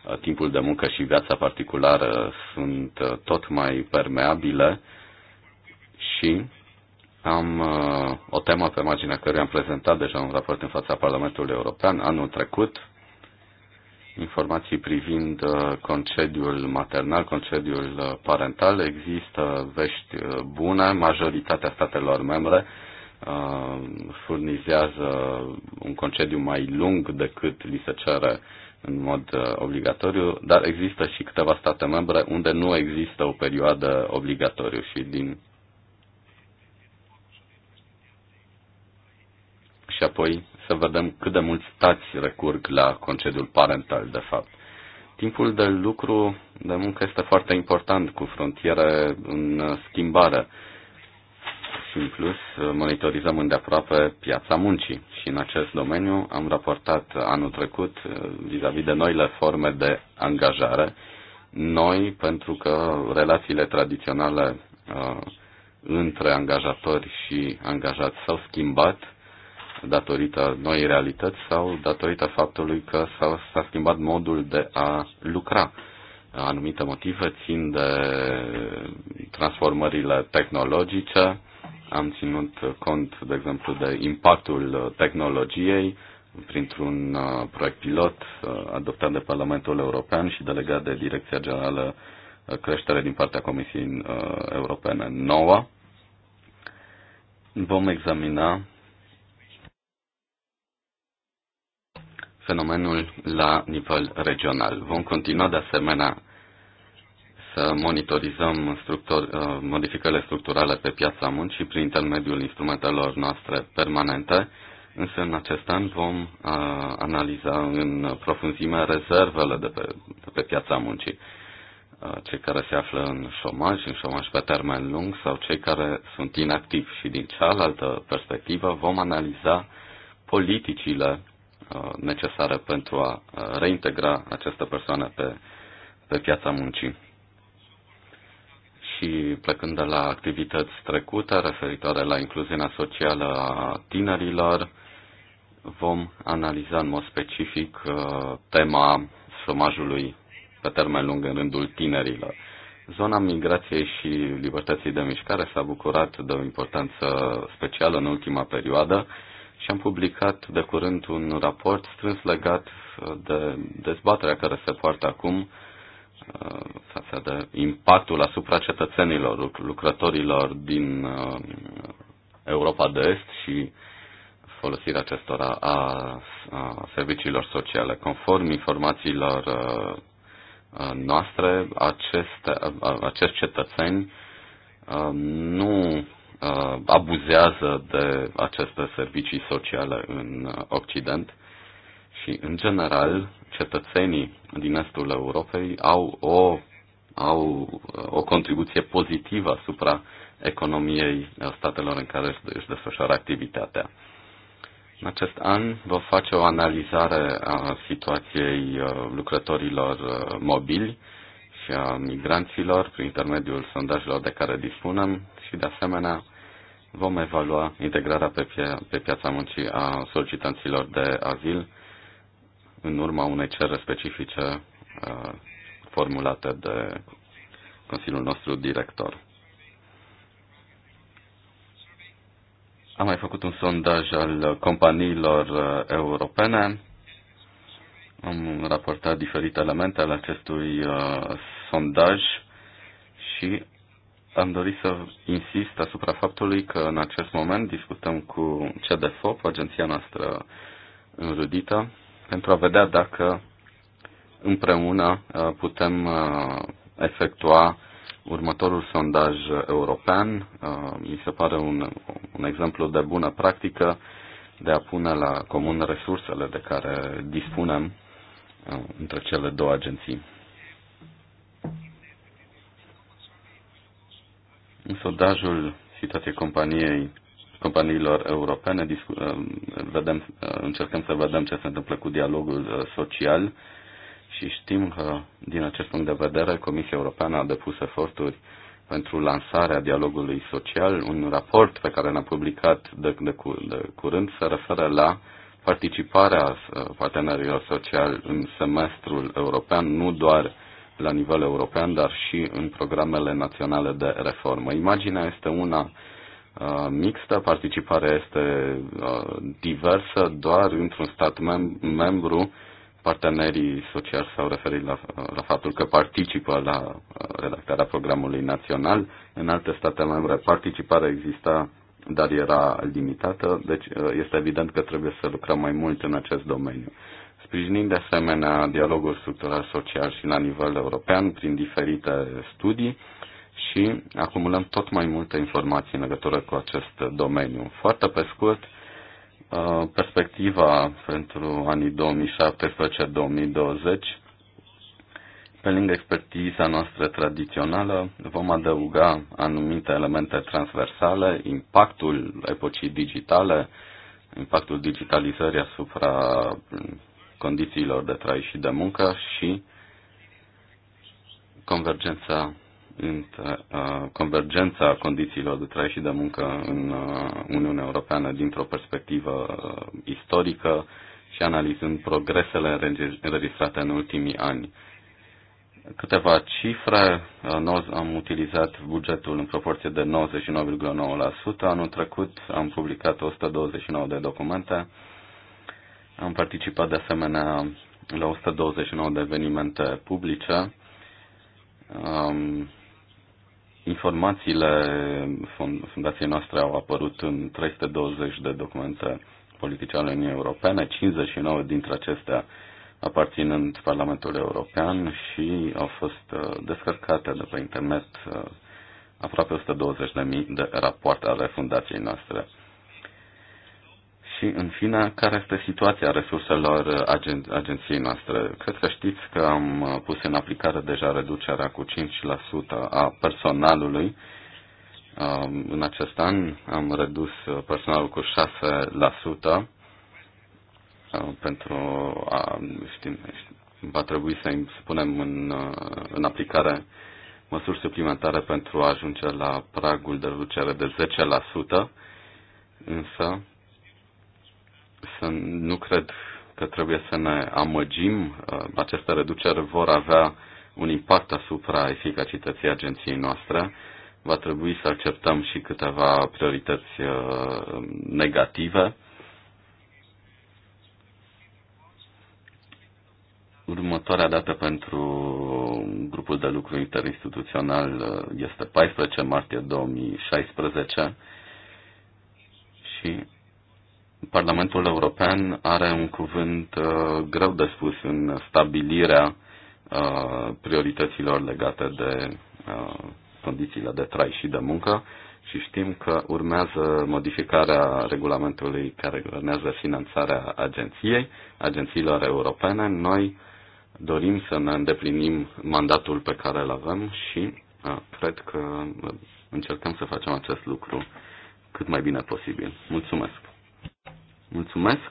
Uh, timpul de muncă și viața particulară sunt uh, tot mai permeabile și am uh, o temă pe marginea care am prezentat deja un raport în fața Parlamentului European anul trecut, informații privind concediul maternal, concediul parental. Există vești bune, majoritatea statelor membre furnizează un concediu mai lung decât li se cere uh, în mod uh, obligatoriu, dar există și câteva state membre unde nu există o perioadă obligatoriu și din și apoi să vedem cât de mulți stați recurg la concediul parental, de fapt. Timpul de lucru, de muncă este foarte important cu frontiere în schimbare și în plus monitorizăm îndeaproape piața muncii și în acest domeniu am raportat anul trecut uh, vis-a-vis -vis de noile forme de angajare, noi pentru că relațiile tradiționale uh, între angajatori și angajați s-au schimbat datorită noii realități sau datorită faptului că s-a, s-a schimbat modul de a lucra anumite motive țin de transformările tehnologice, am ținut cont, de exemplu, de impactul tehnologiei printr-un uh, proiect pilot uh, adoptat de Parlamentul European și delegat de Direcția Generală uh, Creștere din partea Comisiei Europene nouă. Vom examina fenomenul la nivel regional. Vom continua de asemenea să monitorizăm structur, uh, modificările structurale pe piața muncii prin intermediul instrumentelor noastre permanente, însă în acest an vom uh, analiza în profunzime rezervele de pe, de pe piața muncii, a, uh, cei care se află în șomaj, în șomaj pe termen lung sau cei care sunt inactivi și din cealaltă perspectivă vom analiza politicile necesare pentru a reintegra aceste persoane pe, pe piața muncii și plecând de la activități trecute referitoare la incluziunea socială a tinerilor, vom analiza în mod specific uh, tema șomajului pe termen lung în rândul tinerilor. Zona migrației și libertății de mișcare s-a bucurat de o importanță specială în ultima perioadă și am publicat de curând un raport strâns legat uh, de dezbaterea care se poartă acum Uh, față de impactul asupra cetățenilor, lucrătorilor din uh, Europa de Est și folosirea acestora a, serviciilor sociale. Conform informațiilor uh, noastre, aceste, acești cetățeni nu abuzează de aceste servicii sociale în Occident și, în general, cetățenii din estul Europei au o, au o contribuție pozitivă asupra economiei statelor în care își desfășoară activitatea. În acest an vă face o analizare a situației uh, lucrătorilor uh, mobili și a migranților prin intermediul sondajelor de care dispunem și, de asemenea, vom evalua integrarea pe, pie- pe piața muncii a solicitanților de azil în urma unei cereri specifice uh, formulate de Consiliul nostru director. Am mai făcut un sondaj al companiilor uh, europene. Am raportat diferite elemente ale acestui uh, sondaj și am dorit să insist asupra faptului că în acest moment discutăm cu CDFOP, agenția noastră înrudită, pentru a vedea dacă împreună uh, putem uh, efectua următorul sondaj european. Uh, mi se pare un, un exemplu de bună practică de a pune la comun resursele de care dispunem între cele două agenții. În sondajul situației companiei companiilor europene. Uh, vedem, uh, încercăm să vedem ce se întâmplă cu dialogul uh, social și știm că, din acest punct de vedere, Comisia Europeană a depus eforturi pentru lansarea dialogului social. Un raport pe care l a publicat de, de, de curând se referă la participarea partenerilor sociali în semestrul european, nu doar la nivel european, dar și în programele naționale de reformă. Imaginea este una Uh, mixtă, participarea este uh, diversă, doar într-un stat mem- membru partenerii sociali s-au referit la, uh, la faptul că participă la redactarea programului național. În alte state membre participarea exista, dar era limitată, deci este evident că trebuie să lucrăm mai mult în acest domeniu. Sprijinind de asemenea dialogul structural social și la nivel european prin diferite studii, și acumulăm tot mai multe informații în legătură cu acest domeniu. Foarte pe scurt, uh, perspectiva pentru anii 2017-2020, pe lângă expertiza noastră tradițională, vom adăuga anumite elemente transversale, impactul epocii digitale, impactul digitalizării asupra condițiilor de trai și de muncă și convergența între uh, convergența condițiilor de trai și de muncă în uh, Uniunea Europeană dintr-o perspectivă uh, istorică și analizând progresele înregistrate în ultimii ani. Câteva cifre, noi am utilizat bugetul în proporție de 99,9%, anul trecut am publicat 129 de documente, am participat de asemenea la 129 de evenimente publice, um, Informațiile fundației noastre au apărut în 320 de documente politice ale Uniunii Europene, 59 dintre acestea aparținând Parlamentului European și au fost uh, descărcate de pe internet uh, aproape 120.000 de rapoarte ale fundației noastre. Și, în fine, care este situația resurselor agen- agenției noastre? Cred că știți că am pus în aplicare deja reducerea cu 5% a personalului. Um, în acest an am redus personalul cu 6% uh, pentru a știm, va trebui să punem în, uh, în aplicare măsuri suplimentare pentru a ajunge la pragul de reducere de 10%, însă să nu cred că trebuie să ne amăgim. Uh, aceste reduceri vor avea un impact asupra eficacității agenției noastre. Va trebui să acceptăm și câteva priorități uh, negative. Următoarea dată pentru grupul de lucru interinstituțional uh, este 14 martie 2016 și Parlamentul European are un cuvânt uh, greu de spus în stabilirea uh, priorităților legate de uh, condițiile de trai și de muncă și știm că urmează modificarea regulamentului care urmează finanțarea agenției, agențiilor europene. Noi dorim să ne îndeplinim mandatul pe care îl avem și uh, cred că încercăm să facem acest lucru cât mai bine posibil. Mulțumesc! Mulțumesc.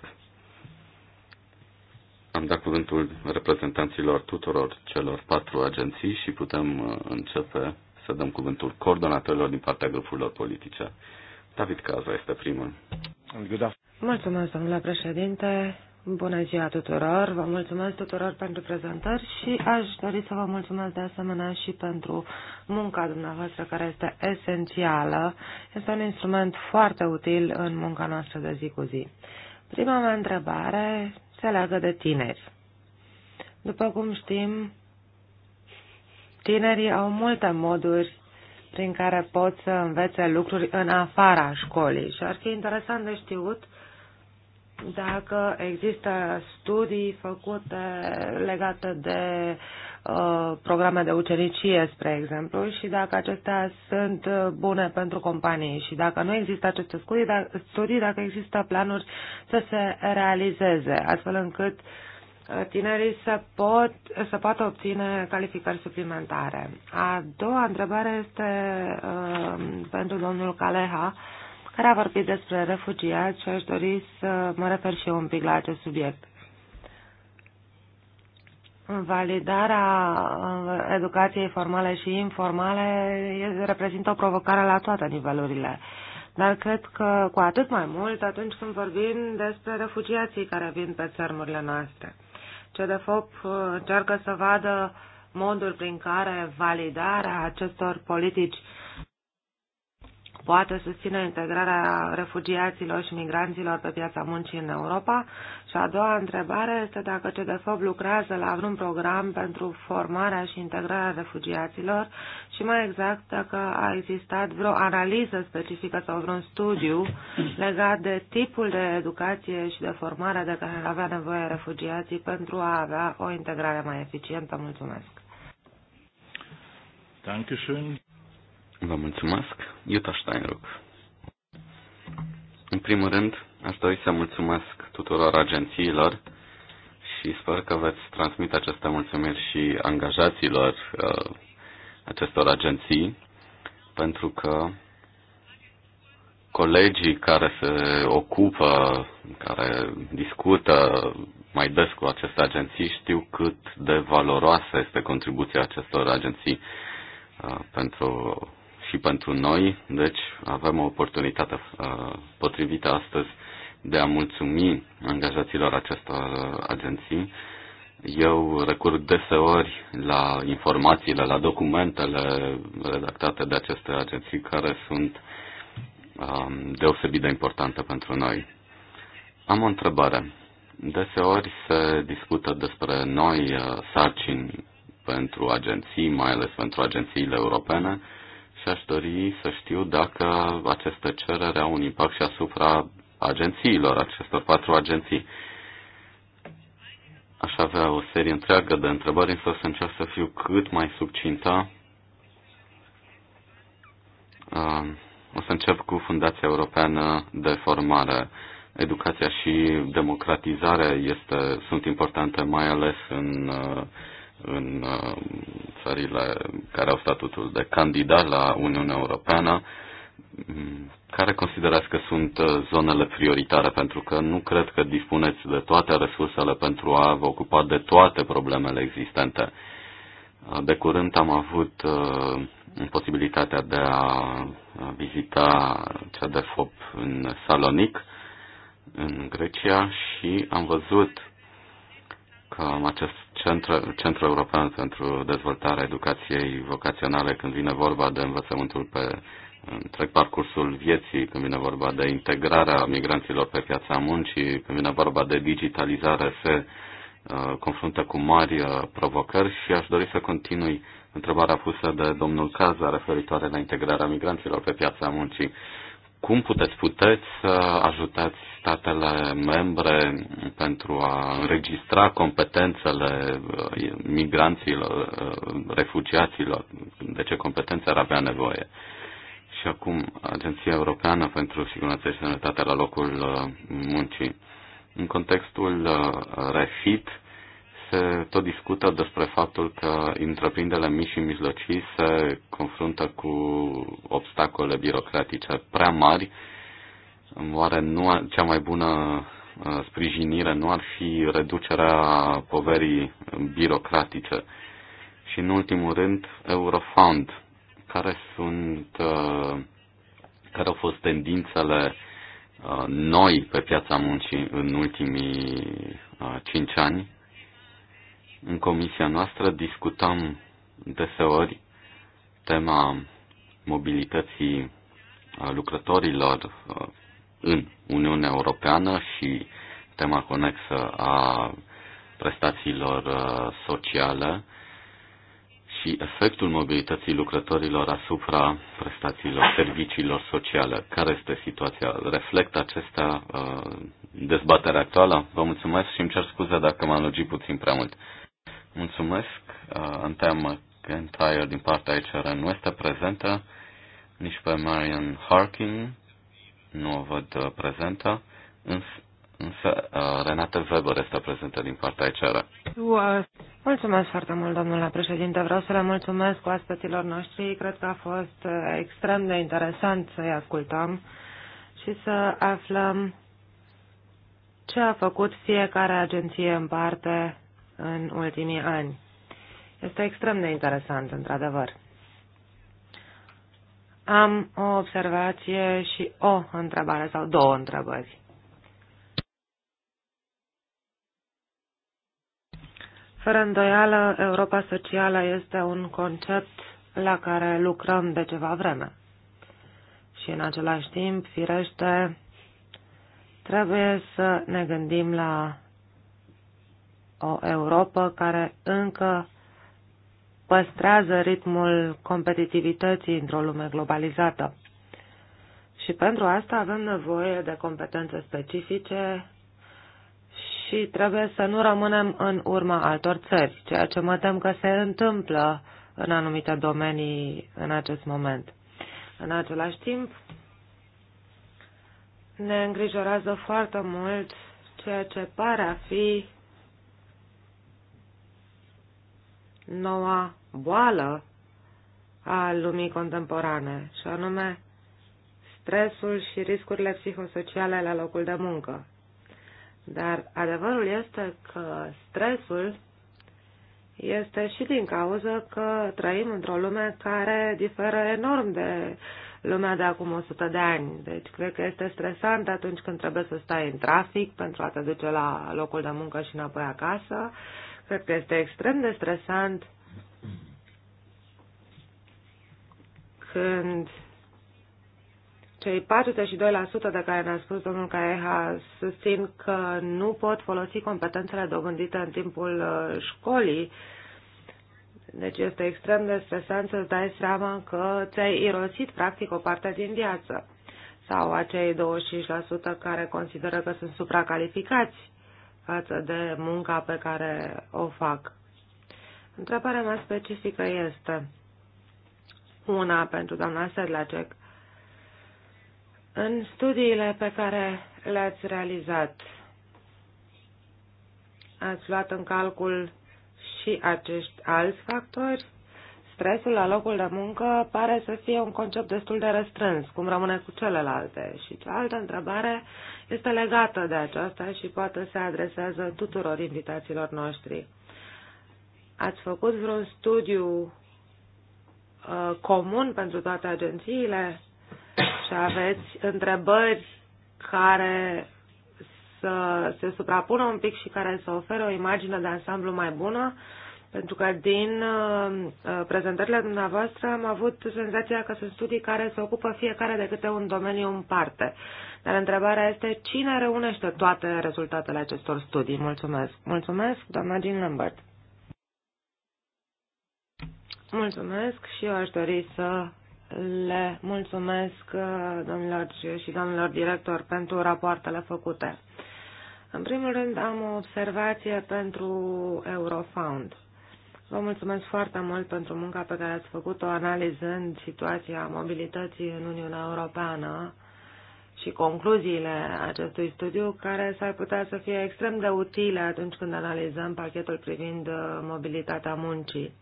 Am dat cuvântul reprezentanților tuturor celor patru agenții și putem uh, începe să dăm cuvântul coordonatorilor din partea grupurilor politice. David Caza este primul. Mulțumesc, domnule președinte. Bună ziua tuturor! Vă mulțumesc tuturor pentru prezentări și aș dori să vă mulțumesc de asemenea și pentru munca dumneavoastră care este esențială. Este un instrument foarte util în munca noastră de zi cu zi. Prima mea întrebare se leagă de tineri. După cum știm, tinerii au multe moduri prin care pot să învețe lucruri în afara școlii și ar fi interesant de știut uh, dacă există studii făcute legate de uh, programe de ucenicie, spre exemplu, și dacă acestea sunt uh, bune pentru companii și dacă nu există aceste studii, dacă, studii, dacă există planuri să se realizeze, astfel încât uh, tinerii să, pot, să poată obține calificări suplimentare. A doua întrebare este uh, pentru domnul Caleha. Uh, care a vorbit despre refugiați și aș dori să mă refer și eu un pic la acest subiect. Validarea educației formale și informale reprezintă o provocare la toate nivelurile. Dar cred că cu atât mai mult atunci când vorbim despre refugiații care vin pe țărmurile noastre. Ce de fapt încearcă să vadă modul prin care validarea acestor politici uh, poate susține integrarea refugiaților și migranților pe piața muncii în Europa? Și a doua întrebare este dacă CDFOB lucrează la vreun program pentru formarea și integrarea refugiaților și mai exact dacă a existat vreo analiză specifică sau vreun studiu legat de tipul de educație și de formare de care avea nevoie refugiații pentru a avea o integrare mai eficientă. Mulțumesc! Dankeschön. Vă mulțumesc. Iuta Steinruck. În primul rând, aș dori să mulțumesc tuturor agențiilor și sper că veți transmite aceste mulțumiri și angajaților uh, acestor agenții, pentru că colegii care se ocupă, care discută mai des cu aceste agenții știu cât de valoroasă este contribuția acestor agenții uh, pentru și pentru noi, deci avem o oportunitate uh, potrivită astăzi de a mulțumi angajaților acestor uh, agenții. Eu recurg deseori la informațiile, la documentele redactate de aceste agenții care sunt um, deosebit de importante pentru noi. Am o întrebare. Deseori se discută despre noi uh, sarcini pentru agenții, mai ales pentru agențiile europene, și aș dori să știu dacă aceste cereri au un impact și asupra agențiilor, acestor patru agenții. Aș avea o serie întreagă de întrebări, însă o să încerc să fiu cât mai succintă. Uh, o să încep cu Fundația Europeană de Formare. Educația și democratizarea este, sunt importante, mai ales în uh, în uh, țările care au statutul de candidat la Uniunea Europeană, mm, care considerați că sunt uh, zonele prioritare? Pentru că nu cred că dispuneți de toate resursele pentru a vă ocupa de toate problemele existente. Uh, de curând am avut posibilitatea de a vizita cea de FOP în Salonic, în Grecia, și am văzut că acest Centrul Centru European pentru Dezvoltarea Educației Vocaționale când vine vorba de învățământul pe întreg parcursul vieții, când vine vorba de integrarea migranților pe piața muncii, când vine vorba de digitalizare, se uh, confruntă cu mari uh, provocări și aș dori să continui întrebarea pusă de domnul Caza referitoare la integrarea migranților pe piața muncii. Uh, cum puteți, puteți să ajutați statele membre pentru a înregistra competențele uh, migranților, uh, refugiaților, de ce competențe ar avea nevoie? Și acum Agenția Europeană pentru Siguranță și Sănătate la locul uh, muncii. În contextul refit, se tot discută despre faptul că întreprinderile mici și mijlocii se confruntă cu obstacole birocratice prea mari. Oare nu cea mai bună uh, sprijinire nu ar fi reducerea poverii birocratice? Și în ultimul rând, Eurofund. Care sunt, uh, care au fost tendințele uh, noi pe piața muncii în ultimii 5 ani în comisia noastră discutăm deseori tema mobilității uh, lucrătorilor uh, în Uniunea Europeană și tema conexă a prestațiilor uh, sociale și efectul mobilității lucrătorilor asupra prestațiilor serviciilor sociale. Care este situația? Reflectă acestea dezbaterea actuală? Vă mulțumesc și îmi cer scuze dacă m-am lungit puțin prea mult. Mulțumesc. În teamă că din partea HR nu este prezentă, nici pe Marian Harkin nu o văd prezentă, însă, însă Renate Weber este prezentă din partea HR. Mulțumesc foarte mult, domnule președinte. Vreau să le mulțumesc oaspeților noștri. Cred că a fost extrem de interesant să-i ascultăm și să aflăm ce a făcut fiecare agenție în parte în ultimii ani. Este extrem de interesant, într-adevăr. Am o observație și o întrebare sau două întrebări. Fără îndoială, Europa socială este un concept la care lucrăm de ceva vreme. Și în același timp, firește, trebuie să ne gândim la o Europa care încă păstrează ritmul competitivității într-o lume globalizată. Și pentru asta avem nevoie de competențe specifice și trebuie să nu rămânem în urma altor țări, ceea ce mă tem că se întâmplă în anumite domenii în acest moment. În același timp, ne îngrijorează foarte mult ceea ce pare a fi noua boală a lumii contemporane, și anume stresul și riscurile psihosociale la locul de muncă. Dar adevărul este că stresul este și din cauză că trăim într-o lume care diferă enorm de lumea de acum 100 de ani. Deci cred că este stresant atunci când trebuie să stai în trafic pentru a te duce la locul de muncă și înapoi acasă Cred că este extrem de stresant când cei 42% de care ne-a spus domnul Caeha susțin că nu pot folosi competențele dobândite în timpul uh, școlii. Deci este extrem de stresant să-ți dai seama că ți-ai irosit practic o parte din viață. Sau acei 25% care consideră că sunt supracalificați față de munca pe care o fac. Întrebarea mea specifică este una pentru doamna Sedlacek. În studiile pe care le-ați realizat, ați luat în calcul și acești alți factori? stresul la locul de muncă pare să fie un concept destul de restrâns, cum rămâne cu celelalte. Și cealaltă întrebare este legată de aceasta și poate se adresează tuturor invitațiilor noștri. Ați făcut vreun studiu uh, comun pentru toate agențiile și aveți întrebări care să se suprapună un pic și care să ofere o imagine de ansamblu mai bună? Pentru că din uh, uh, prezentările dumneavoastră am avut senzația că sunt studii care se ocupă fiecare de câte un domeniu în parte. Dar întrebarea este cine reunește toate rezultatele acestor studii. Mulțumesc. Mulțumesc, doamna Jean Lambert. Mulțumesc și eu aș dori să le mulțumesc uh, domnilor și domnilor director pentru rapoartele făcute. În primul rând am o observație pentru Eurofound. Vă mulțumesc foarte mult pentru munca pe care ați făcut-o analizând situația mobilității în Uniunea Europeană și concluziile acestui studiu, care s-ar putea să fie extrem de utile atunci când analizăm pachetul privind uh, mobilitatea muncii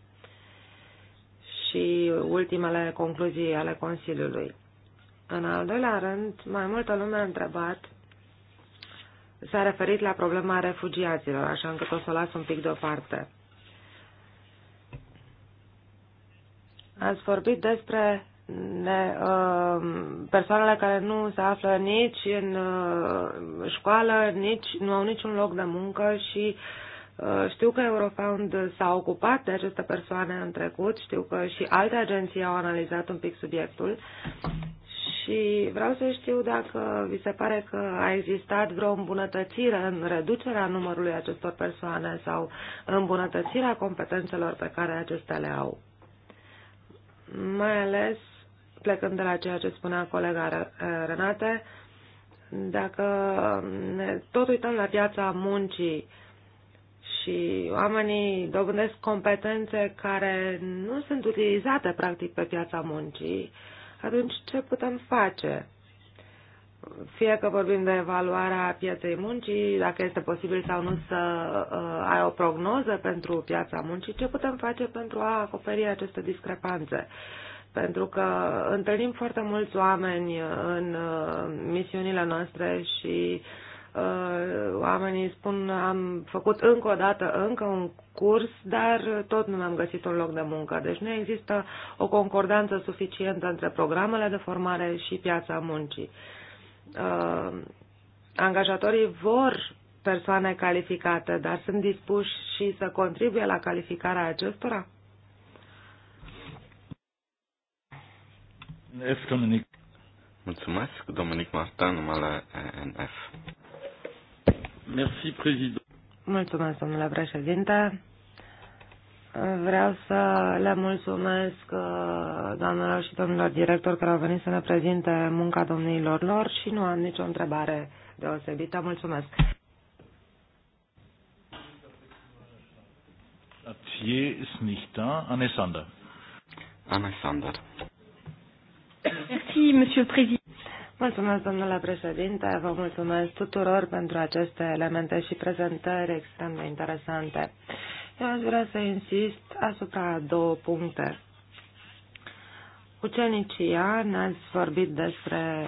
și ultimele concluzii ale Consiliului. În al doilea rând, mai multă lume a întrebat, s-a referit la problema refugiaților, așa încât o să o las un pic deoparte. Ați vorbit despre ne, uh, persoanele care nu se află nici în uh, școală, nici nu au niciun loc de muncă și uh, știu că Eurofound s-a ocupat de aceste persoane în trecut, știu că și alte agenții au analizat un pic subiectul și vreau să știu dacă vi se pare că a existat vreo îmbunătățire în reducerea numărului acestor persoane sau îmbunătățirea competențelor pe care acestea le au mai ales plecând de la ceea ce spunea colega eh, Renate, dacă ne tot uităm la piața muncii și oamenii dobândesc competențe care nu sunt utilizate practic pe piața muncii, atunci ce putem face? fie că vorbim de evaluarea pieței muncii, dacă este posibil sau nu să uh, ai o prognoză pentru piața muncii, ce putem face pentru a acoperi aceste discrepanțe. Pentru că întâlnim foarte mulți oameni în uh, misiunile noastre și uh, oamenii spun am făcut încă o dată, încă un curs, dar tot nu mi-am găsit un loc de muncă. Deci nu există o concordanță suficientă între programele de formare și piața muncii. Uh, Uh, angajatorii vor persoane calificate, dar sunt dispuși și să contribuie la calificarea acestora? F. Dominic. Mulțumesc, Dominic Marta, numele ENF. Merci, Mulțumesc, domnule președinte. Vreau să le mulțumesc uh, doamnelor și domnilor directori care au venit să ne prezinte munca domniilor lor și nu am nicio întrebare deosebită. Mulțumesc! Thier ist Merci, Monsieur Président. Mulțumesc, domnule președinte, vă mulțumesc tuturor pentru aceste elemente și prezentări extrem de interesante. Eu aș vrea să insist asupra două puncte. Ucenicia, ne-ați vorbit despre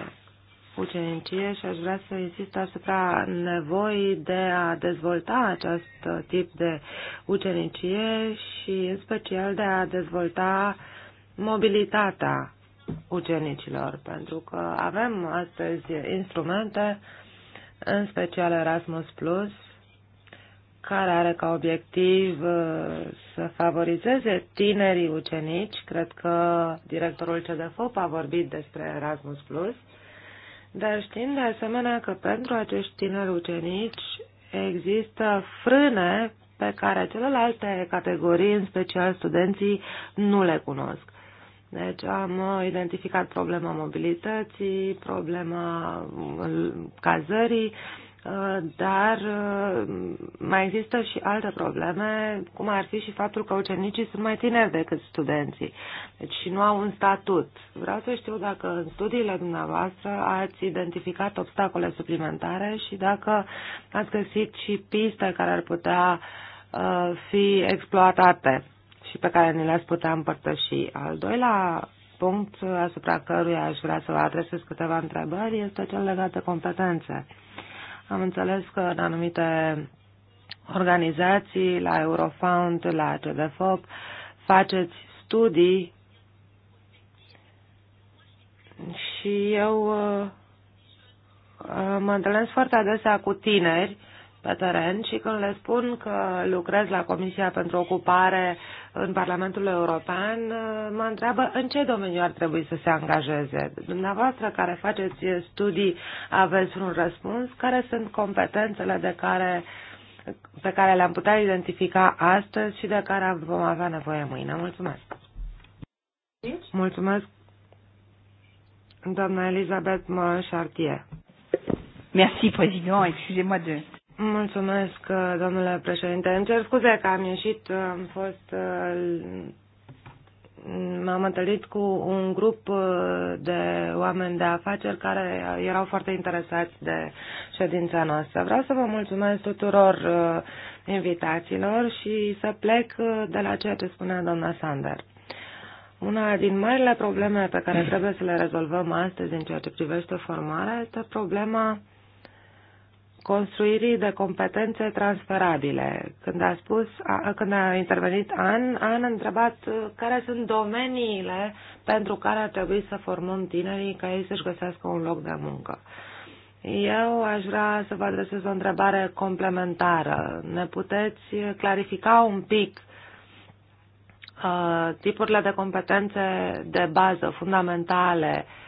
ucenicie și aș vrea să insist asupra nevoii de a dezvolta acest tip de ucenicie și în special de a dezvolta mobilitatea ucenicilor, pentru că avem astăzi instrumente, în special Erasmus Plus care are ca obiectiv uh, să favorizeze tinerii ucenici. Cred că directorul CDFOP a vorbit despre Erasmus+, dar știm de asemenea că pentru acești tineri ucenici există frâne pe care celelalte categorii, în special studenții, nu le cunosc. Deci am identificat problema mobilității, problema mm, cazării, dar uh, mai există și alte probleme, cum ar fi și faptul că ucenicii sunt mai tineri decât studenții deci și nu au un statut. Vreau să știu dacă în studiile dumneavoastră ați identificat obstacole suplimentare și dacă ați găsit și piste care ar putea uh, fi exploatate și pe care ni le-ați putea împărtăși. Al doilea punct asupra căruia aș vrea să vă adresez câteva întrebări este cel legat de competențe. Am înțeles că în anumite organizații, la Eurofound, la CDFOP, faceți studii și eu uh, mă întâlnesc foarte adesea cu tineri pe teren și când le spun că lucrez la Comisia pentru Ocupare în Parlamentul European, mă întreabă în ce domeniu ar trebui să se angajeze. Dumneavoastră care faceți studii aveți un răspuns, care sunt competențele de care, pe care le-am putea identifica astăzi și de care vom avea nevoie mâine. Mulțumesc! Mulțumesc, doamna Elisabeth Morin-Chartier. Merci, Président. Excusez-moi de... Mulțumesc, uh, domnule președinte. Îmi cer scuze că am ieșit, uh, am fost uh, m-am întâlnit cu un grup de oameni de afaceri care erau foarte interesați de ședința noastră. Vreau să vă mulțumesc tuturor invitațiilor și să plec de la ceea ce spunea doamna Sander. Una din marile probleme pe care trebuie să le rezolvăm astăzi în ceea ce privește formarea este problema construirii de competențe transferabile. Când a spus, a, când a intervenit An, An a întrebat uh, care sunt domeniile pentru care ar trebui să formăm tinerii ca ei să-și găsească un loc de muncă. Eu aș vrea să vă adresez o întrebare complementară. Ne puteți clarifica un pic uh, tipurile de competențe de bază fundamentale uh,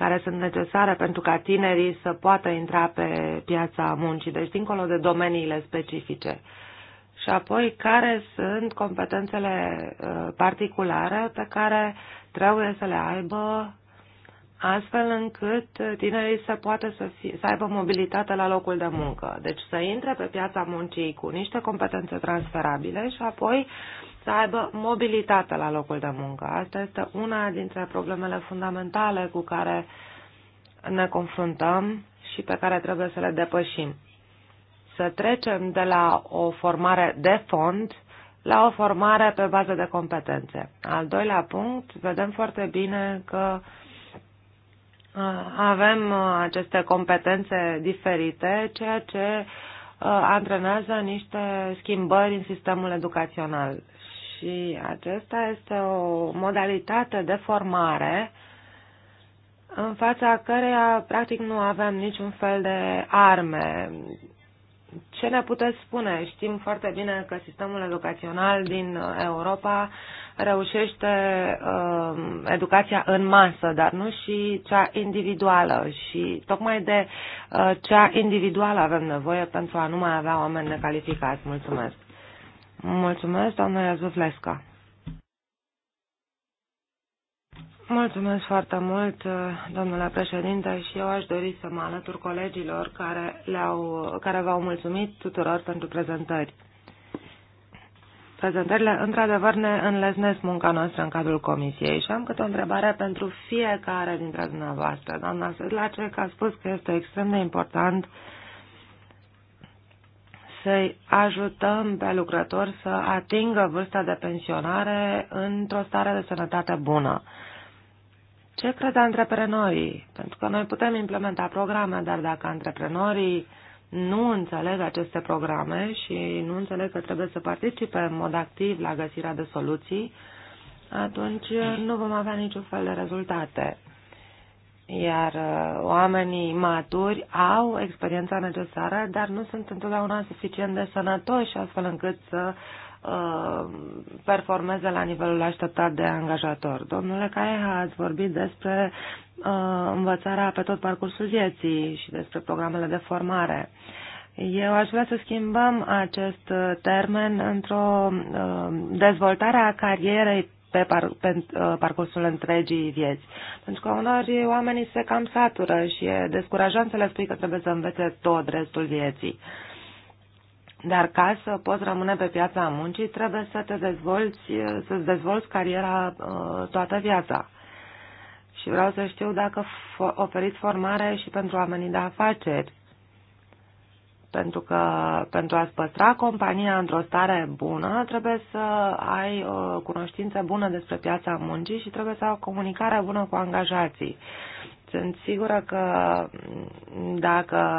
care sunt necesare pentru ca tinerii să poată intra pe piața muncii, deci dincolo de domeniile specifice. Și apoi, care sunt competențele uh, particulare pe care trebuie să le aibă astfel încât tinerii să poată să, fie, să aibă mobilitate la locul de muncă. Deci să intre pe piața muncii cu niște competențe transferabile și apoi uh, să aibă mobilitate la locul de muncă. Asta este una dintre problemele fundamentale cu care ne confruntăm și pe care trebuie să le depășim. Să trecem de la o formare de fond la o formare pe bază de competențe. Al doilea punct, vedem foarte bine că avem aceste competențe diferite, ceea ce antrenează niște schimbări în sistemul educațional și acesta este o modalitate de formare în fața căreia practic nu avem niciun fel de arme. Ce ne puteți spune? Știm foarte bine că sistemul educațional din Europa reușește uh, educația în masă, dar nu și cea individuală. Și tocmai de uh, cea individuală avem nevoie pentru a nu mai avea oameni necalificați. Mulțumesc! Mulțumesc, doamna Iazovlesca. Mulțumesc foarte mult, domnule președinte, și eu aș dori să mă alătur colegilor care, le-au, care v-au mulțumit tuturor pentru prezentări. Prezentările, într-adevăr, ne înlesnesc munca noastră în cadrul comisiei și am câte o întrebare pentru fiecare dintre dumneavoastră. Doamna Sedlace, că a spus că este extrem de important uh, să-i ajutăm pe lucrători să atingă vârsta de pensionare într-o stare de sănătate bună. Ce cred antreprenorii? Pentru că noi putem implementa programe, dar dacă antreprenorii nu înțeleg aceste programe și nu înțeleg că trebuie să participe în mod activ la găsirea de soluții, atunci nu vom avea niciun fel de rezultate iar uh, oamenii maturi au experiența necesară, dar nu sunt întotdeauna suficient de sănătoși, astfel încât să uh, performeze la nivelul așteptat de angajator. Domnule Caeha, ați vorbit despre uh, învățarea pe tot parcursul vieții și despre programele de formare. Eu aș vrea să schimbăm acest termen într-o dezvoltare a carierei pe, par, pe uh, parcursul întregii vieți. Pentru că uneori oamenii se cam satură și e descurajant să le spui că trebuie să învețe tot restul vieții. Dar ca să poți rămâne pe piața muncii, trebuie să te dezvolți, să-ți dezvolți cariera uh, toată viața. Și vreau să știu dacă oferiți formare și pentru oamenii de afaceri pentru că pentru a-ți păstra compania într-o stare bună, trebuie să ai o cunoștință bună despre piața muncii și trebuie să ai o comunicare bună cu angajații. Sunt sigură că dacă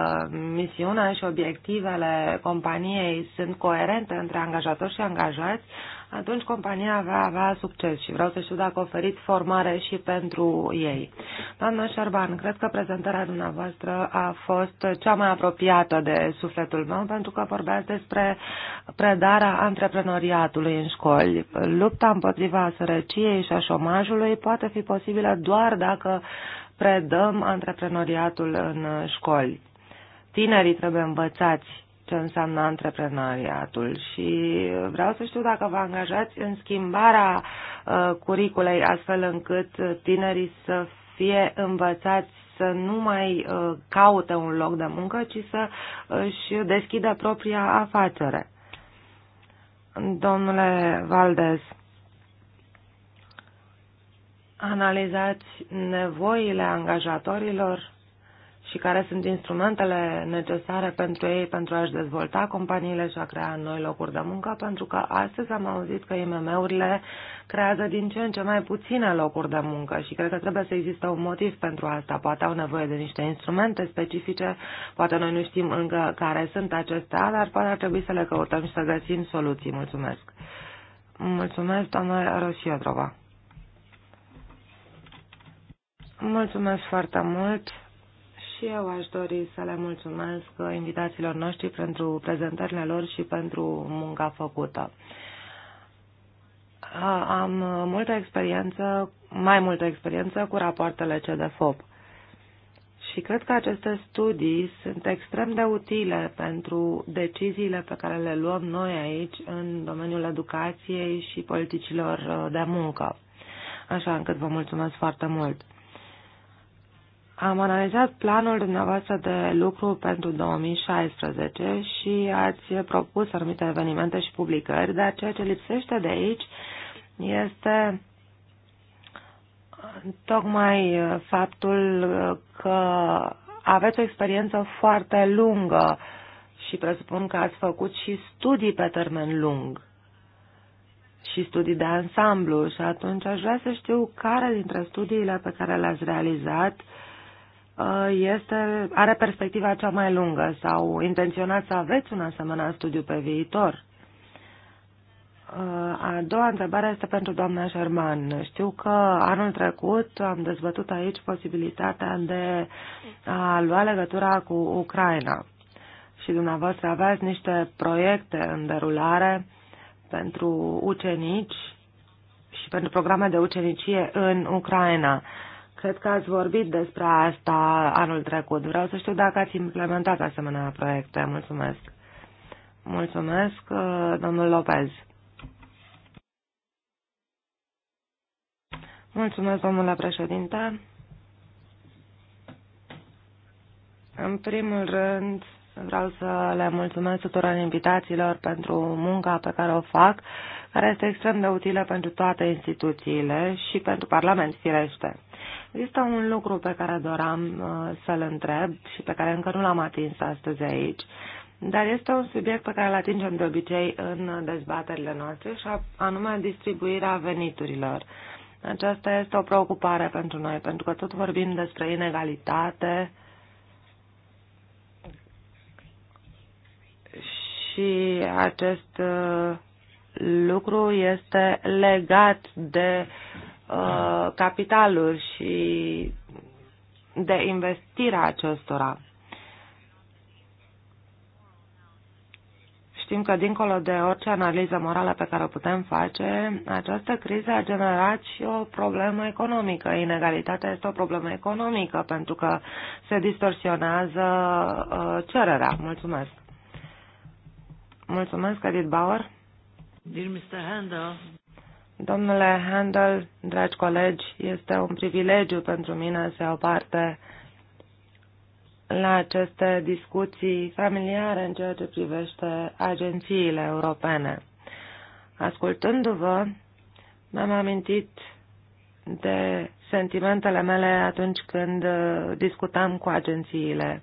misiunea și obiectivele companiei sunt coerente între angajatori și angajați, atunci compania va avea succes și vreau să știu dacă oferiți formare și pentru ei. Doamna Șerban, cred că prezentarea dumneavoastră a fost cea mai apropiată de sufletul meu pentru că vorbeați despre predarea antreprenoriatului în școli. Lupta împotriva sărăciei și a șomajului poate fi posibilă doar dacă predăm antreprenoriatul în școli. Tinerii trebuie învățați ce înseamnă antreprenoriatul și vreau să știu dacă vă angajați în schimbarea uh, curiculei astfel încât tinerii să fie învățați să nu mai uh, caute un loc de muncă, ci să își deschidă propria afacere. Domnule Valdez, analizați nevoile angajatorilor și care sunt instrumentele necesare pentru ei pentru a-și dezvolta companiile și a crea noi locuri de muncă, pentru că astăzi am auzit că IMM-urile creează din ce în ce mai puține locuri de muncă și cred că trebuie să existe un motiv pentru asta. Poate au nevoie de niște instrumente specifice, poate noi nu știm încă care sunt acestea, dar poate ar trebui să le căutăm și să găsim soluții. Mulțumesc! Mulțumesc, doamna Rosiodrova! Mulțumesc foarte mult! și eu aș dori să le mulțumesc invitațiilor noștri pentru prezentările lor și pentru munca făcută. Am multă experiență, mai multă experiență cu rapoartele CDFOP. Și cred că aceste studii sunt extrem de utile pentru deciziile pe care le luăm noi aici în domeniul educației și politicilor de muncă. Așa încât vă mulțumesc foarte mult. Am analizat planul dumneavoastră de lucru pentru 2016 și ați propus anumite evenimente și publicări, dar ceea ce lipsește de aici este tocmai faptul că aveți o experiență foarte lungă și presupun că ați făcut și studii pe termen lung și studii de ansamblu și atunci aș vrea să știu care dintre studiile pe care le-ați realizat uh, Uh, este, are perspectiva cea mai lungă sau intenționați să aveți un asemenea studiu pe viitor? Uh, a doua întrebare este pentru doamna Sherman. Știu că anul trecut am dezbătut aici posibilitatea de a lua legătura cu Ucraina și dumneavoastră aveați niște proiecte în derulare pentru ucenici și pentru programe de ucenicie în Ucraina. Cred că ați vorbit despre asta anul trecut. Vreau să știu dacă ați implementat asemenea proiecte. Mulțumesc. Mulțumesc, uh, domnul Lopez. Mulțumesc, domnule președinte. În primul rând, vreau să le mulțumesc tuturor invitațiilor pentru munca pe care o fac, care este extrem de utilă pentru toate instituțiile și pentru Parlament, firește. Există un lucru pe care doram uh, să-l întreb și pe care încă nu l-am atins astăzi aici, dar este un subiect pe care îl atingem de obicei în dezbaterile noastre și anume distribuirea veniturilor. Aceasta este o preocupare pentru noi, pentru că tot vorbim despre inegalitate și acest uh, lucru este legat de uh, Uh, capitalul și de investirea acestora. Știm că, dincolo de orice analiză morală pe care o putem face, această criză a generat și o problemă economică. Inegalitatea este o problemă economică pentru că se distorsionează uh, cererea. Mulțumesc. Mulțumesc, Edith Bauer. Dear Mr. Handel. Domnule Handel, dragi colegi, este un privilegiu pentru mine să iau parte la aceste discuții familiare în ceea ce privește agențiile europene. Ascultându-vă, m am amintit de sentimentele mele atunci când discutam cu agențiile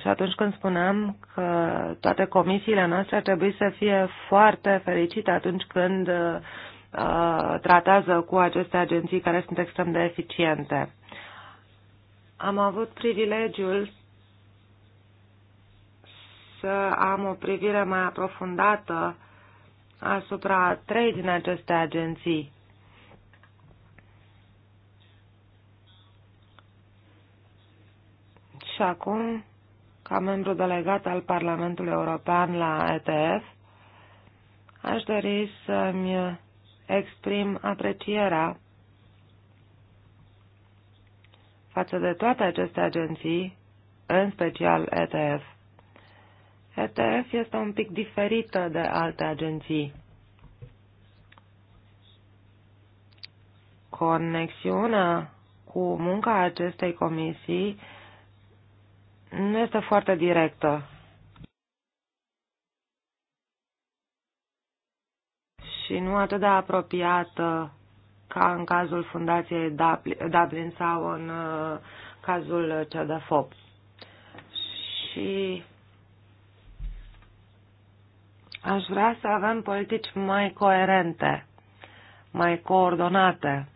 și atunci când spuneam că toate comisiile noastre ar trebui să fie foarte fericite atunci când uh, tratează cu aceste agenții care sunt extrem de eficiente. Am avut privilegiul să am o privire mai aprofundată asupra trei din aceste agenții. Și acum ca membru delegat al Parlamentului European la ETF, aș dori să-mi exprim aprecierea față de toate aceste agenții, în special ETF. ETF este un pic diferită de alte agenții. Conexiunea cu munca acestei comisii nu este foarte directă. Și nu atât de apropiată ca în cazul Fundației Dublin sau în uh, cazul CEDEFOP. Și aș vrea să avem politici mai coerente, mai coordonate.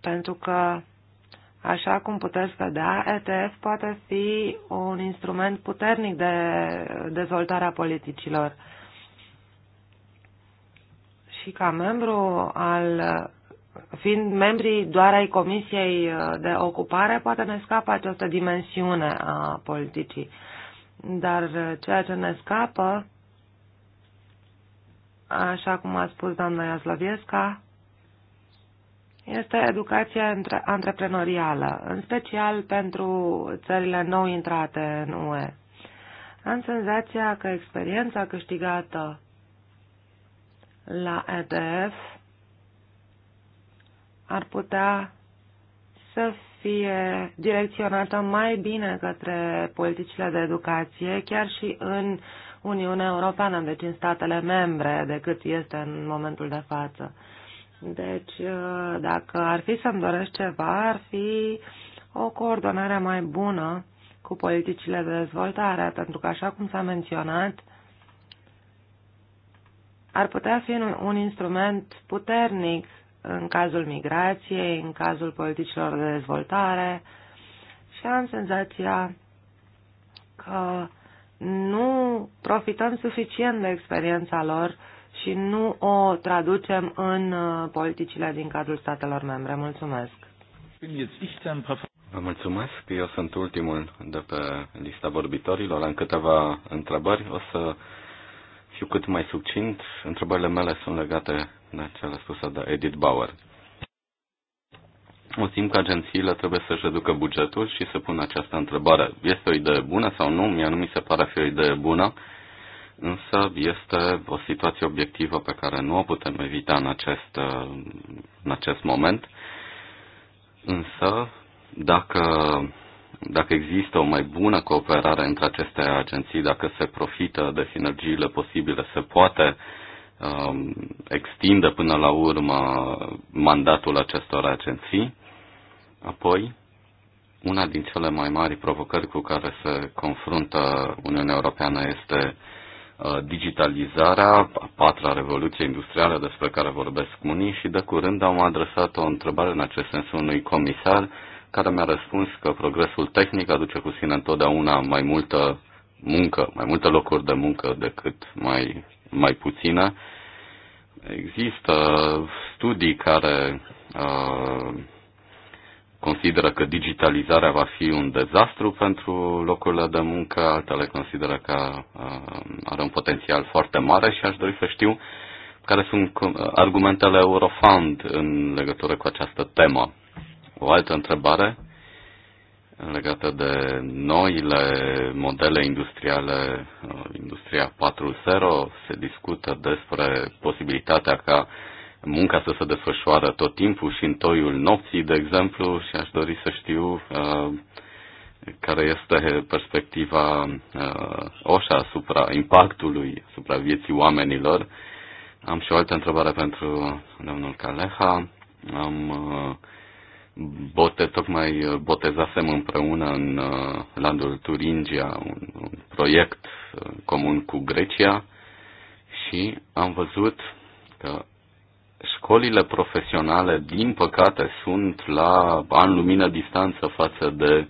Pentru că Așa cum puteți vedea, ETF poate fi un instrument puternic de dezvoltare a politicilor. Și ca membru al fiind membrii doar ai Comisiei de Ocupare, poate ne scapă această dimensiune a politicii. Dar ceea ce ne scapă, așa cum a spus doamna Iasloviesca, este educația antreprenorială, în special pentru țările nou intrate în UE. Am senzația că experiența câștigată la EDF ar putea să fie direcționată mai bine către politicile de educație, chiar și în Uniunea Europeană, deci în statele membre, decât este în momentul de față. Deci, uh, dacă ar fi să-mi doresc ceva, ar fi o coordonare mai bună cu politicile de dezvoltare, pentru că, așa cum s-a menționat, ar putea fi un instrument puternic în cazul migrației, în cazul politicilor de dezvoltare și am senzația că nu profităm suficient de experiența lor și nu o traducem în uh, politicile din cadrul statelor membre. Mulțumesc! Vă mulțumesc. Eu sunt ultimul de pe lista vorbitorilor. Am câteva întrebări. O să fiu cât mai succint. Întrebările mele sunt legate de cele spuse de Edith Bauer. O simt că agențiile trebuie să-și reducă bugetul și să pună această întrebare. Este o idee bună sau nu? Mie nu mi se pare fi o idee bună însă este o situație obiectivă pe care nu o putem evita în acest, în acest moment. Însă, dacă, dacă există o mai bună cooperare între aceste agenții, dacă se profită de sinergiile posibile, se poate um, extinde până la urmă mandatul acestor agenții. Apoi, una din cele mai mari provocări cu care se confruntă Uniunea Europeană este Uh, digitalizarea, a patra revoluție industrială despre care vorbesc unii și de curând am adresat o întrebare în acest sens unui comisar care mi-a răspuns că progresul tehnic aduce cu sine întotdeauna mai multă muncă, mai multe locuri de muncă decât mai, mai puține. Există studii care uh, consideră că digitalizarea va fi un dezastru pentru locurile de muncă, altele consideră că uh, are un potențial foarte mare și aș dori să știu care sunt uh, argumentele Eurofund în legătură cu această temă. O altă întrebare legată de noile modele industriale, uh, Industria 4.0, se discută despre posibilitatea ca uh, munca să se desfășoară tot timpul și în toiul nopții, de exemplu, și aș dori să știu uh, care este perspectiva uh, OSHA asupra impactului asupra vieții oamenilor. Am și o altă întrebare pentru domnul Caleha. Am uh, bote, tocmai botezasem împreună în uh, landul Turingia un, un proiect uh, comun cu Grecia și am văzut că Școlile profesionale, din păcate, sunt la an lumină distanță față de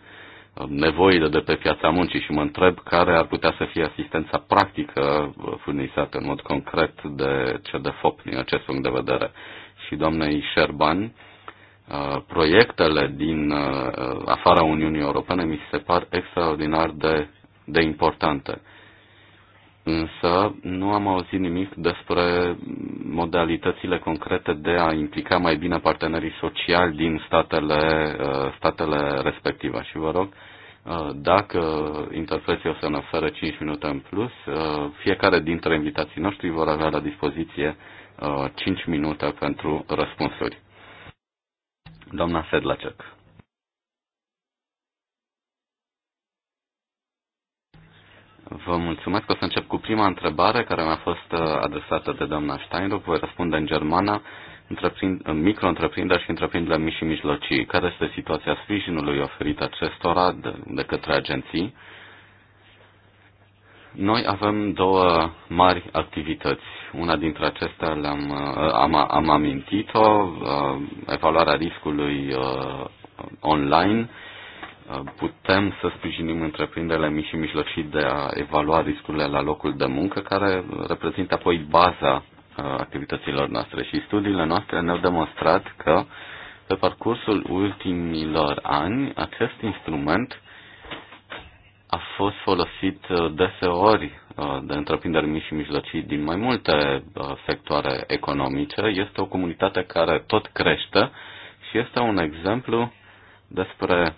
uh, nevoile de pe piața muncii și mă întreb care ar putea să fie asistența practică uh, furnizată în mod concret de CDFOP din acest punct de vedere. Și doamnei Șerban, uh, proiectele din afara Uniunii Europene mi se par extraordinar de, de importante însă nu am auzit nimic despre modalitățile concrete de a implica mai bine partenerii sociali din statele, uh, statele respective. Și vă rog, uh, dacă interpreții o să ne oferă 5 minute în plus, uh, fiecare dintre invitații noștri vor avea la dispoziție 5 minute pentru răspunsuri. Doamna Sedlacek. Vă mulțumesc. O să încep cu prima întrebare care mi-a fost uh, adresată de doamna Steinruck. Voi răspunde în germană. Micro-întreprinderi și întreprinderile mici și mijlocii. Care este situația sprijinului oferit acestora de, de către agenții? Noi avem două mari activități. Una dintre acestea le-am, uh, am, am amintit-o, uh, evaluarea riscului online putem să sprijinim întreprinderile mici și mijlocii de a evalua riscurile la locul de muncă, care reprezintă apoi baza uh, activităților noastre. Și studiile noastre ne-au demonstrat că pe parcursul ultimilor ani acest instrument a fost folosit uh, deseori uh, de întreprinderi mici și mijlocii din mai multe sectoare economice. Este o comunitate care tot crește și este un exemplu despre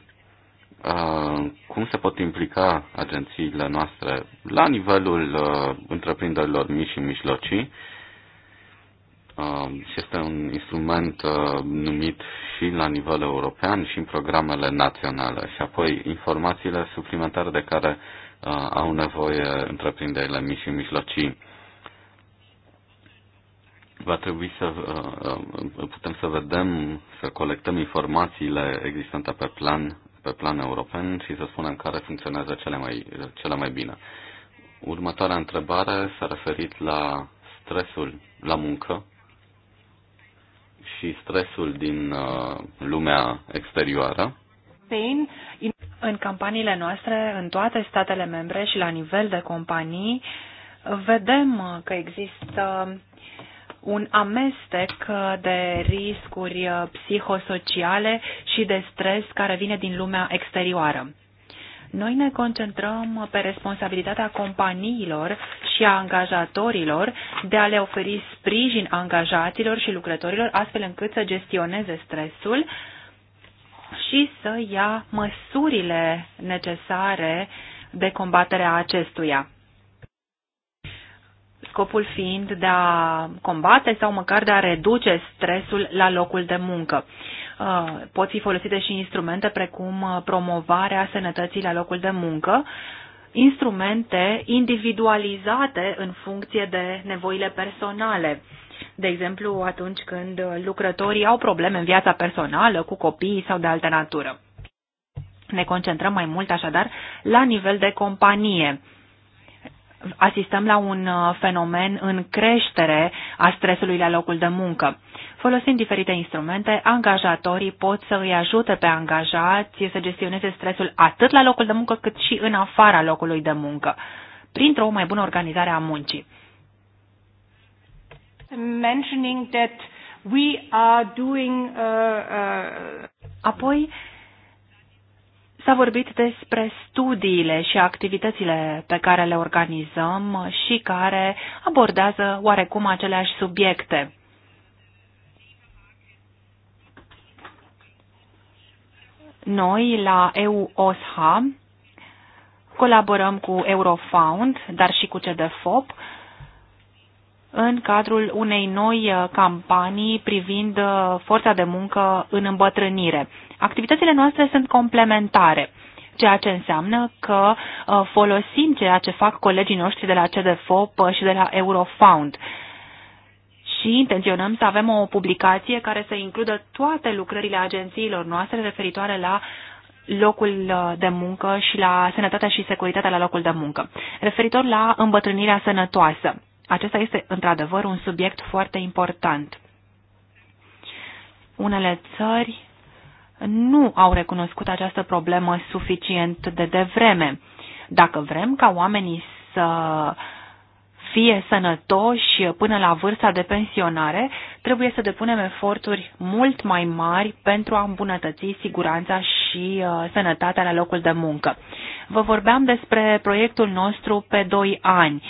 cum se pot implica agențiile noastre la nivelul întreprinderilor mici și mijlocii și este un instrument numit și la nivel european și în programele naționale și apoi informațiile suplimentare de care au nevoie întreprinderile mici și mijlocii. Va trebui să putem să vedem, să colectăm informațiile existente pe plan pe plan european și să spunem care funcționează cele mai, cele mai bine. Următoarea întrebare s-a referit la stresul la muncă și stresul din uh, lumea exterioară. Pain. în campaniile noastre, în toate statele membre și la nivel de companii, vedem că există uh, un amestec de riscuri psihosociale și de stres care vine din lumea exterioară. Noi ne concentrăm pe responsabilitatea companiilor și a angajatorilor de a le oferi sprijin angajaților și lucrătorilor astfel încât să gestioneze stresul și să ia măsurile necesare de combaterea acestuia scopul fiind de a combate sau măcar de a reduce stresul la locul de muncă. Uh, pot fi folosite și instrumente precum uh, promovarea sănătății la locul de muncă, instrumente individualizate în funcție de nevoile personale. De exemplu, atunci când lucrătorii au probleme în viața personală, cu copiii sau de altă natură. Ne concentrăm mai mult așadar la nivel de companie asistăm la un uh, fenomen în creștere a stresului la locul de muncă. Folosind diferite instrumente, angajatorii pot să îi ajute pe angajați să gestioneze stresul atât la locul de muncă cât și în afara locului de muncă, printr-o mai bună organizare a muncii. Mentioning that we are doing, uh, uh... Apoi, S-a vorbit despre studiile și activitățile pe care le organizăm și care abordează oarecum aceleași subiecte. Noi, la EU-OSHA, colaborăm cu Eurofound, dar și cu CDFOP, în cadrul unei noi campanii privind forța de muncă în îmbătrânire. Activitățile noastre sunt complementare ceea ce înseamnă că uh, folosim ceea ce fac colegii noștri de la CDFOP uh, și de la Eurofound. Și intenționăm să avem o publicație care să includă toate lucrările agențiilor noastre referitoare la locul uh, de muncă și la sănătatea și securitatea la locul de muncă. Referitor la îmbătrânirea sănătoasă, acesta este într-adevăr un subiect foarte important. Unele țări nu au recunoscut această problemă suficient de devreme. Dacă vrem ca oamenii să fie sănătoși până la vârsta de pensionare, trebuie să depunem eforturi mult mai mari pentru a îmbunătăți siguranța și uh, sănătatea la locul de muncă. Vă vorbeam despre proiectul nostru pe 2 ani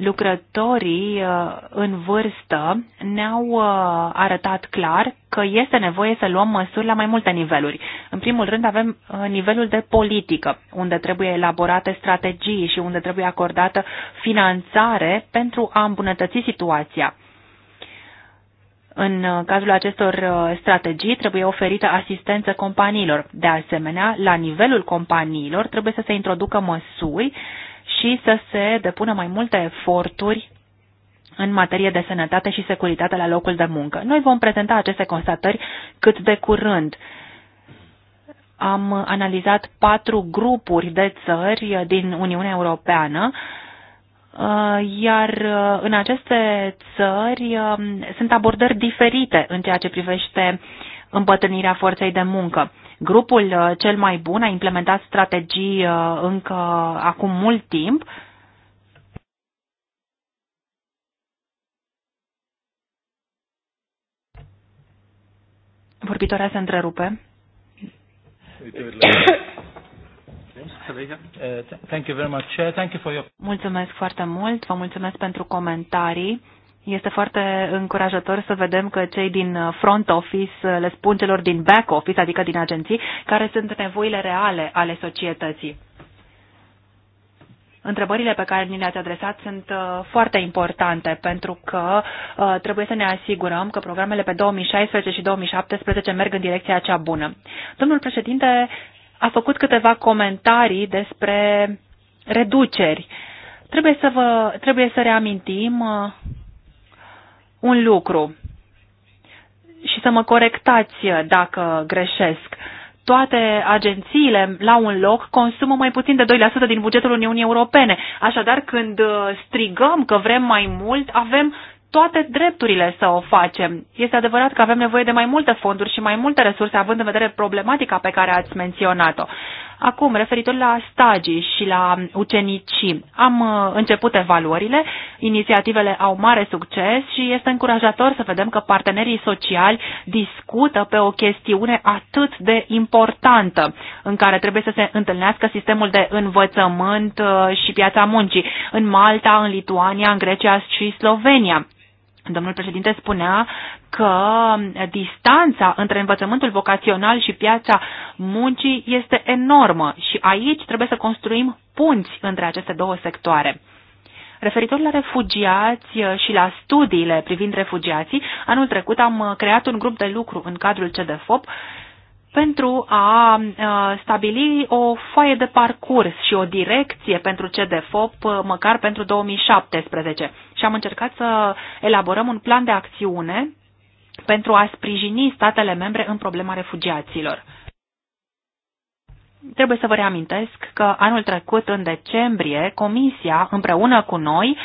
lucrătorii uh, în vârstă ne-au uh, arătat clar că este nevoie să luăm măsuri la mai multe niveluri. În primul rând avem uh, nivelul de politică, unde trebuie elaborate strategii și unde trebuie acordată finanțare pentru a îmbunătăți situația. În cazul acestor strategii trebuie oferită asistență companiilor. De asemenea, la nivelul companiilor trebuie să se introducă măsuri și să se depună mai multe eforturi în materie de sănătate și securitate la locul de muncă. Noi vom prezenta aceste constatări cât de curând. Am analizat patru grupuri de țări din Uniunea Europeană uh, iar uh, în aceste țări um, sunt abordări diferite în ceea ce privește îmbătrânirea forței de muncă. Grupul uh, cel mai bun a implementat strategii uh, încă acum mult timp. Vorbitoarea se întrerupe. Mulțumesc foarte mult, vă mulțumesc pentru comentarii. Este foarte încurajător să vedem că cei din front office le spun celor din back office, adică din agenții, care sunt nevoile reale ale societății. Întrebările pe care ni le-ați adresat sunt uh, foarte importante pentru că uh, trebuie să ne asigurăm că programele pe 2016 și 2017 merg în direcția cea bună. Domnul președinte a făcut câteva comentarii despre reduceri. Trebuie să, vă, trebuie să reamintim uh, un lucru și să mă corectați dacă greșesc. Toate agențiile la un loc consumă mai puțin de 2% din bugetul Uniunii Europene. Așadar, când uh, strigăm că vrem mai mult, avem toate drepturile să o facem. Este adevărat că avem nevoie de mai multe fonduri și mai multe resurse, având în vedere problematica pe care ați menționat-o. Acum, referitor la stagii și la ucenicii, am uh, început evaluările, inițiativele au mare succes și este încurajator să vedem că partenerii sociali discută pe o chestiune atât de importantă în care trebuie să se întâlnească sistemul de învățământ uh, și piața muncii în Malta, în Lituania, în Grecia și Slovenia. Domnul președinte spunea că distanța între învățământul vocațional și piața muncii este enormă și aici trebuie să construim punți între aceste două sectoare. Referitor la refugiați și la studiile privind refugiații, anul trecut am creat un grup de lucru în cadrul CDFOP pentru a stabili o foaie de parcurs și o direcție pentru CDFOP, măcar pentru 2017. Și am încercat să elaborăm un plan de acțiune pentru a sprijini statele membre în problema refugiaților. Trebuie să vă reamintesc că anul trecut, în decembrie, Comisia, împreună cu noi,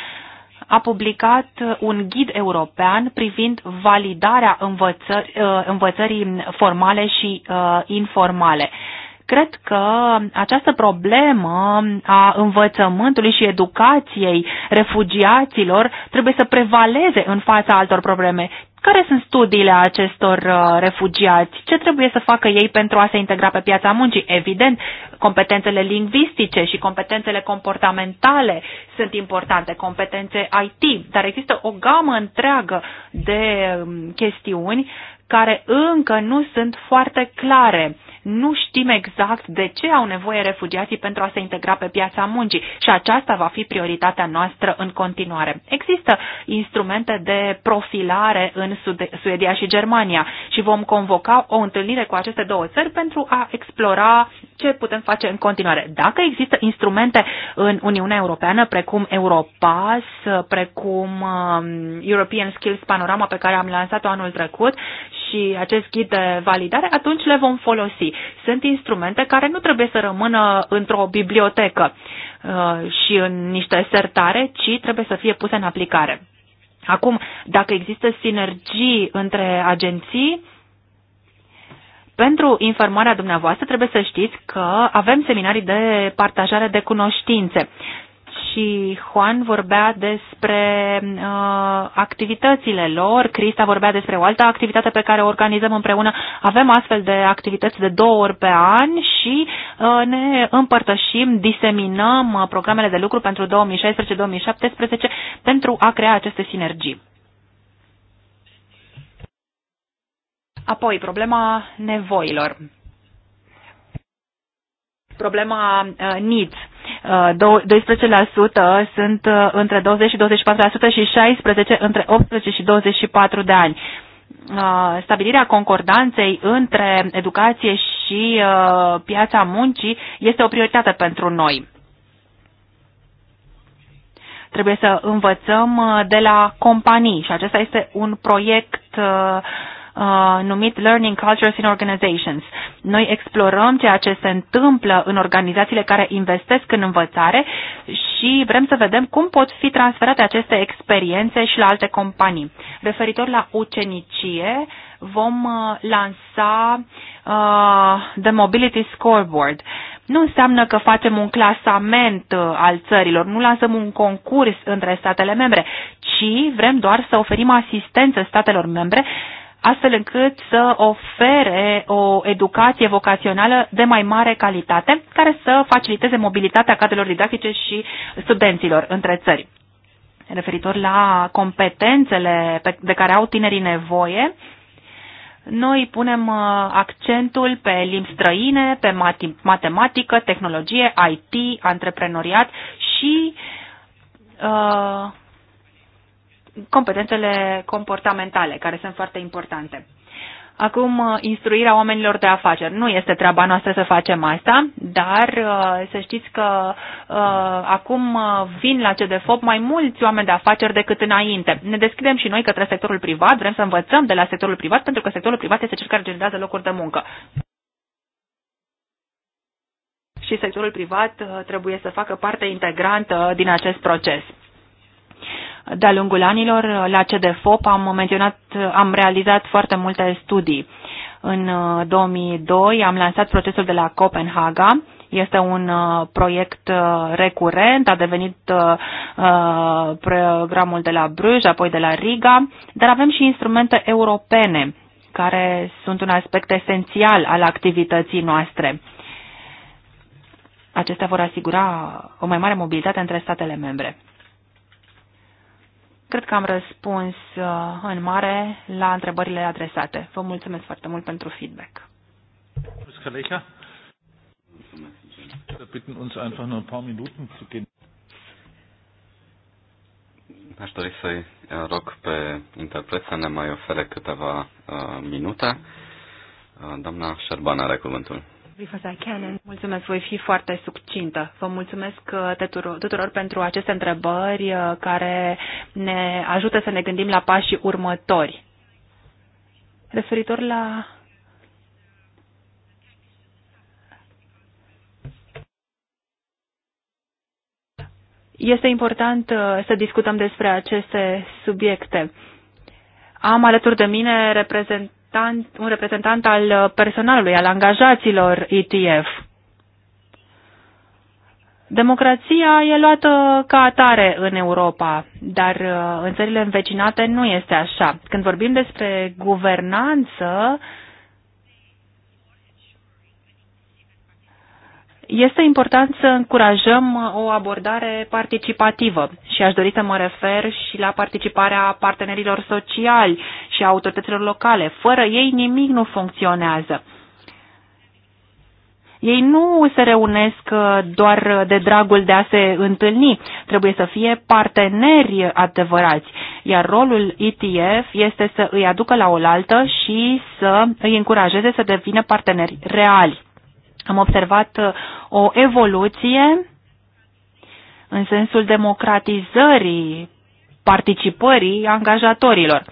a publicat un ghid european privind validarea învăță uh, învățării formale și uh, informale. Cred că această problemă a învățământului și educației refugiaților trebuie să prevaleze în fața altor probleme, care sunt studiile acestor uh, refugiați? Ce trebuie să facă ei pentru a se integra pe piața muncii? Evident, competențele lingvistice și competențele comportamentale sunt importante, competențe IT, dar există o gamă întreagă de um, chestiuni care încă nu sunt foarte clare nu știm exact de ce au nevoie refugiații pentru a se integra pe piața muncii și aceasta va fi prioritatea noastră în continuare. Există instrumente de profilare în Suedia și Germania și vom convoca o întâlnire cu aceste două țări pentru a explora ce putem face în continuare. Dacă există instrumente în Uniunea Europeană, precum Europass, precum um, European Skills Panorama pe care am lansat-o anul trecut și acest ghid de validare, atunci le vom folosi. Sunt instrumente care nu trebuie să rămână într-o bibliotecă uh, și în niște sertare, ci trebuie să fie puse în aplicare. Acum, dacă există sinergii între agenții, pentru informarea dumneavoastră trebuie să știți că avem seminarii de partajare de cunoștințe și Juan vorbea despre uh, activitățile lor, Crista vorbea despre o altă activitate pe care o organizăm împreună. Avem astfel de activități de două ori pe an și uh, ne împărtășim, diseminăm uh, programele de lucru pentru 2016-2017 pentru a crea aceste sinergii. Apoi, problema nevoilor. Problema uh, needs 12% uh, sunt uh, între 20 și 24% și 16% între 18 și 24 de ani uh, stabilirea concordanței între educație și piața muncii este o prioritate pentru noi. Trebuie să învățăm de la companii și acesta este un proiect uh, numit Learning Cultures in Organizations. Noi explorăm ceea ce se întâmplă în organizațiile care investesc în învățare și vrem să vedem cum pot fi transferate aceste experiențe și la alte companii. Referitor la ucenicie, vom uh, lansa uh, The Mobility Scoreboard. Nu înseamnă că facem un clasament uh, al țărilor, nu lansăm un concurs între statele membre, ci vrem doar să oferim asistență statelor membre astfel încât să ofere o educație vocațională de mai mare calitate, care să faciliteze mobilitatea cadrelor didactice și studenților între țări. Referitor la competențele de care au tinerii nevoie, noi punem uh, accentul pe limbi străine, pe matematică, tehnologie, IT, antreprenoriat și uh, competențele comportamentale, care sunt foarte importante. Acum, uh, instruirea oamenilor de afaceri. Nu este treaba noastră să facem asta, dar uh, să știți că uh, acum uh, vin la CDFOP mai mulți oameni de afaceri decât înainte. Ne deschidem și noi către sectorul privat, vrem să învățăm de la sectorul privat, pentru că sectorul privat este cel care generează locuri de muncă. Și sectorul privat trebuie să facă parte integrantă din acest proces. De-a lungul anilor, la CDFOP am menționat, am realizat foarte multe studii. În 2002 uh, am lansat procesul de la Copenhaga, este un uh, proiect uh, recurent, a devenit programul de la Bruj, apoi de la Riga, dar avem și instrumente europene care sunt un aspect esențial al activității noastre. Acestea vor asigura o mai mare mobilitate între statele membre. Cred că am răspuns uh, în mare la întrebările adresate. Vă mulțumesc foarte mult pentru feedback. Aș dori să-i uh, rog pe interpret să ne mai ofere câteva uh, minute. doamna Șerban are cuvântul brief as I can. And... Mulțumesc, voi fi foarte succintă. Vă mulțumesc uh, tuturor, tuturor pentru aceste întrebări uh, care ne ajută să ne gândim la pașii următori. Referitor la Este important uh, să discutăm despre aceste subiecte. Am alături de mine reprezent reprezentant, un reprezentant al uh, personalului, al angajaților ETF. Democrația e luată ca atare în Europa, dar uh, în țările învecinate nu este așa. Când vorbim despre guvernanță, uh, Este important să încurajăm uh, o abordare participativă și aș dori să mă refer și la participarea partenerilor sociali și a autorităților locale. Fără ei nimic nu funcționează. Ei nu se reunesc uh, doar de dragul de a se întâlni, trebuie să fie parteneri adevărați, iar rolul ETF este să îi aducă la oaltă și să îi încurajeze să devină parteneri reali. Am observat uh, o evoluție în sensul democratizării participării angajatorilor.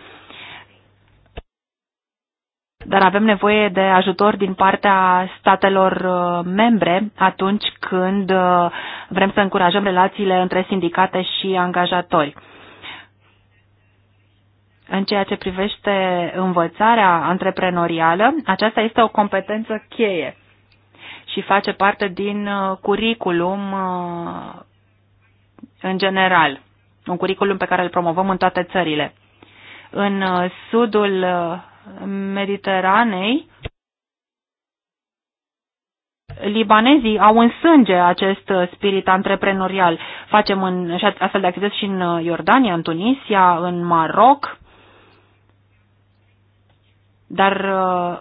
Dar avem nevoie de ajutor din partea statelor uh, membre atunci când uh, vrem să încurajăm relațiile între sindicate și angajatori. În ceea ce privește învățarea antreprenorială, aceasta este o competență cheie și face parte din uh, curriculum uh, în general, un curriculum pe care îl promovăm în toate țările. În uh, sudul Mediteranei, libanezii au în sânge acest spirit antreprenorial. Facem în, astfel de activități și în Iordania, în Tunisia, în Maroc, dar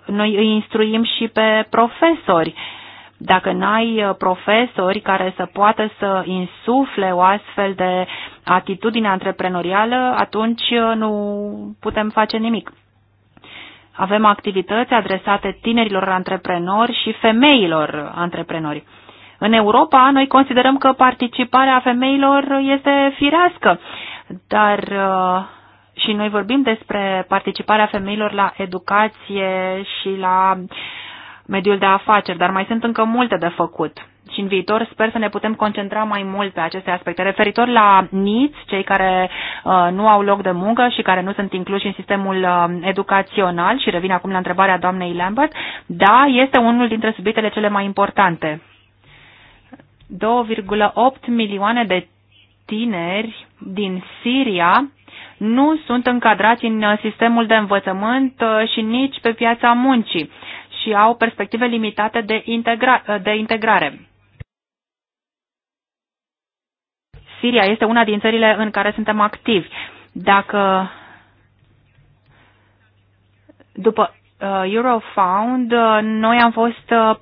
noi îi instruim și pe profesori dacă n-ai uh, profesori care să poată să insufle o astfel de atitudine antreprenorială, atunci uh, nu putem face nimic. Avem activități adresate tinerilor antreprenori și femeilor antreprenori. În Europa, noi considerăm că participarea femeilor este firească, dar uh, și noi vorbim despre participarea femeilor la educație și la mediul de afaceri, dar mai sunt încă multe de făcut. Și în viitor sper să ne putem concentra mai mult pe aceste aspecte. Referitor la NITS, cei care uh, nu au loc de muncă și care nu sunt incluși în sistemul uh, educațional, și revin acum la întrebarea doamnei Lambert, da, este unul dintre subiectele cele mai importante. 2,8 milioane de tineri din Siria nu sunt încadrați în uh, sistemul de învățământ uh, și nici pe piața muncii și au perspective limitate de, integra de integrare. Siria este una din țările în care suntem activi. Dacă după uh, Eurofound, uh, noi am fost uh,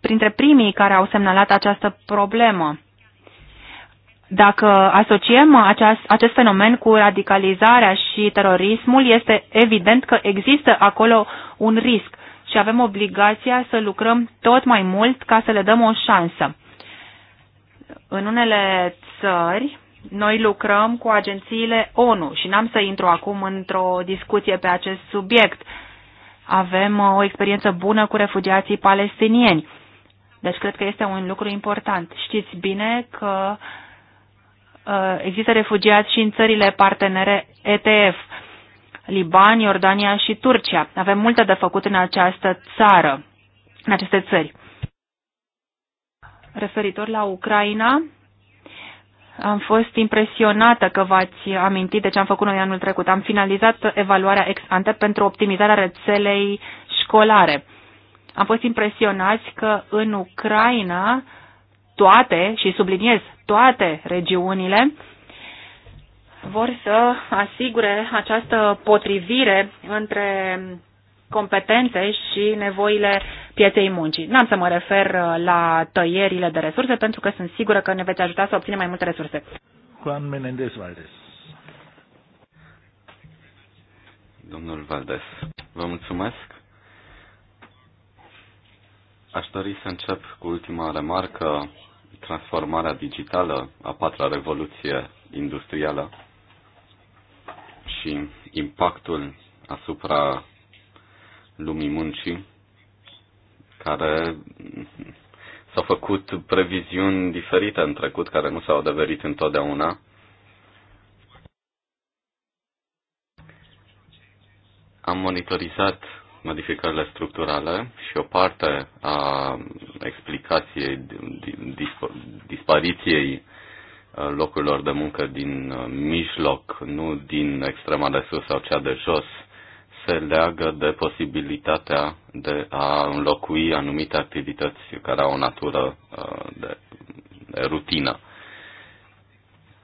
printre primii care au semnalat această problemă. Dacă asociem aceast, acest fenomen cu radicalizarea și terorismul, este evident că există acolo un risc și avem obligația să lucrăm tot mai mult ca să le dăm o șansă. În unele țări, noi lucrăm cu agențiile ONU și n-am să intru acum într-o discuție pe acest subiect. Avem uh, o experiență bună cu refugiații palestinieni. Deci cred că este un lucru important. Știți bine că uh, există refugiați și în țările partenere ETF Liban, Iordania și Turcia. Avem multe de făcut în această țară, în aceste țări. Referitor la Ucraina, am fost impresionată că v-ați amintit de ce am făcut noi anul trecut. Am finalizat evaluarea ex ante pentru optimizarea rețelei școlare. Am fost impresionați că în Ucraina toate, și subliniez, toate regiunile vor să asigure această potrivire între competențe și nevoile pieței muncii. N-am să mă refer uh, la tăierile de resurse, pentru că sunt sigură că ne veți ajuta să obținem mai multe resurse. Juan Menendez Valdez. Domnul Valdez, vă mulțumesc. Aș dori să încep cu ultima remarcă, transformarea digitală a patra revoluție industrială și impactul asupra lumii muncii, care s-au făcut previziuni diferite în trecut, care nu s-au adeverit întotdeauna. Am monitorizat modificările structurale și o parte a explicației dispariției locurilor de muncă din uh, mijloc, nu din extrema de sus sau cea de jos, se leagă de posibilitatea de a înlocui anumite activități care au o natură uh, de, de rutină.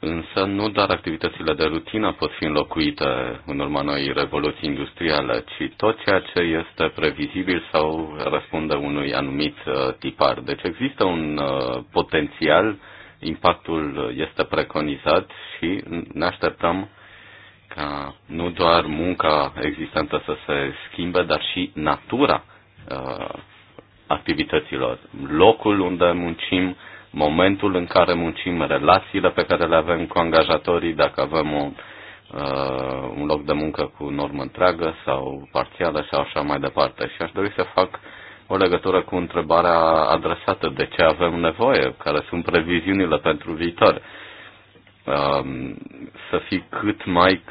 Însă nu doar activitățile de rutină pot fi înlocuite în urma noi revoluții industriale, ci tot ceea ce este previzibil sau răspunde unui anumit uh, tipar. Deci există un potențial impactul este preconizat și ne așteptăm ca nu doar munca existentă să se schimbe, dar și natura uh, activităților, locul unde muncim, momentul în care muncim, relațiile pe care le avem cu angajatorii, dacă avem o, uh, un loc de muncă cu normă întreagă sau parțială sau așa mai departe. Și aș dori să fac uh, o legătură cu întrebarea adresată de ce avem nevoie, care sunt previziunile pentru viitor. Um, să fii cât mai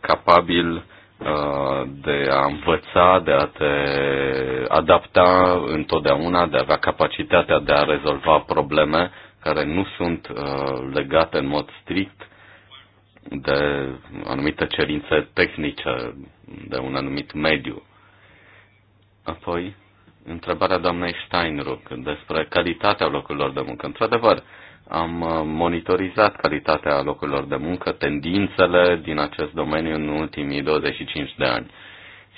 capabil uh, de a învăța, de a te adapta întotdeauna, de a avea capacitatea de a rezolva probleme care nu sunt uh, legate în mod strict de anumite cerințe tehnice, de un anumit mediu. Apoi, întrebarea doamnei Steinruck despre calitatea locurilor de muncă. Într-adevăr, am uh, monitorizat calitatea locurilor de muncă, tendințele din acest domeniu în ultimii 25 de ani.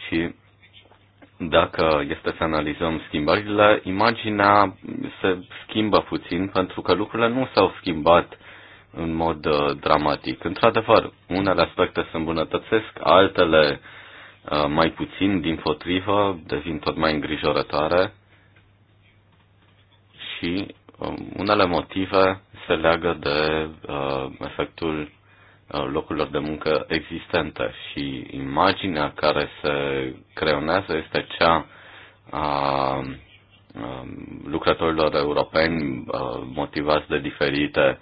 Și dacă este să analizăm schimbările, imaginea se schimbă puțin pentru că lucrurile nu s-au schimbat în mod uh, dramatic. Într-adevăr, unele aspecte se îmbunătățesc, altele uh, Uh, mai puțin, din potrivă, devin tot mai îngrijorătoare și um, unele motive se leagă de uh, efectul uh, locurilor de muncă existente și imaginea care se creonează este cea a um, lucrătorilor europeni uh, motivați de diferite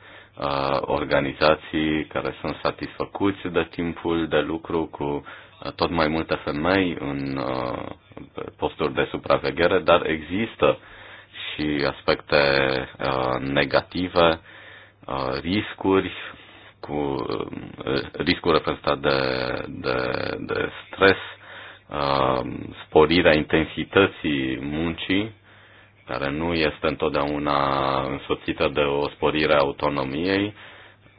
organizații care sunt satisfăcuți de timpul de lucru cu tot mai multe femei în uh, posturi de supraveghere, dar există și aspecte uh, negative, uh, riscuri, cu riscul reprezentat de, de, de stres, sporirea intensității muncii, care nu este întotdeauna însoțită de o sporire a autonomiei,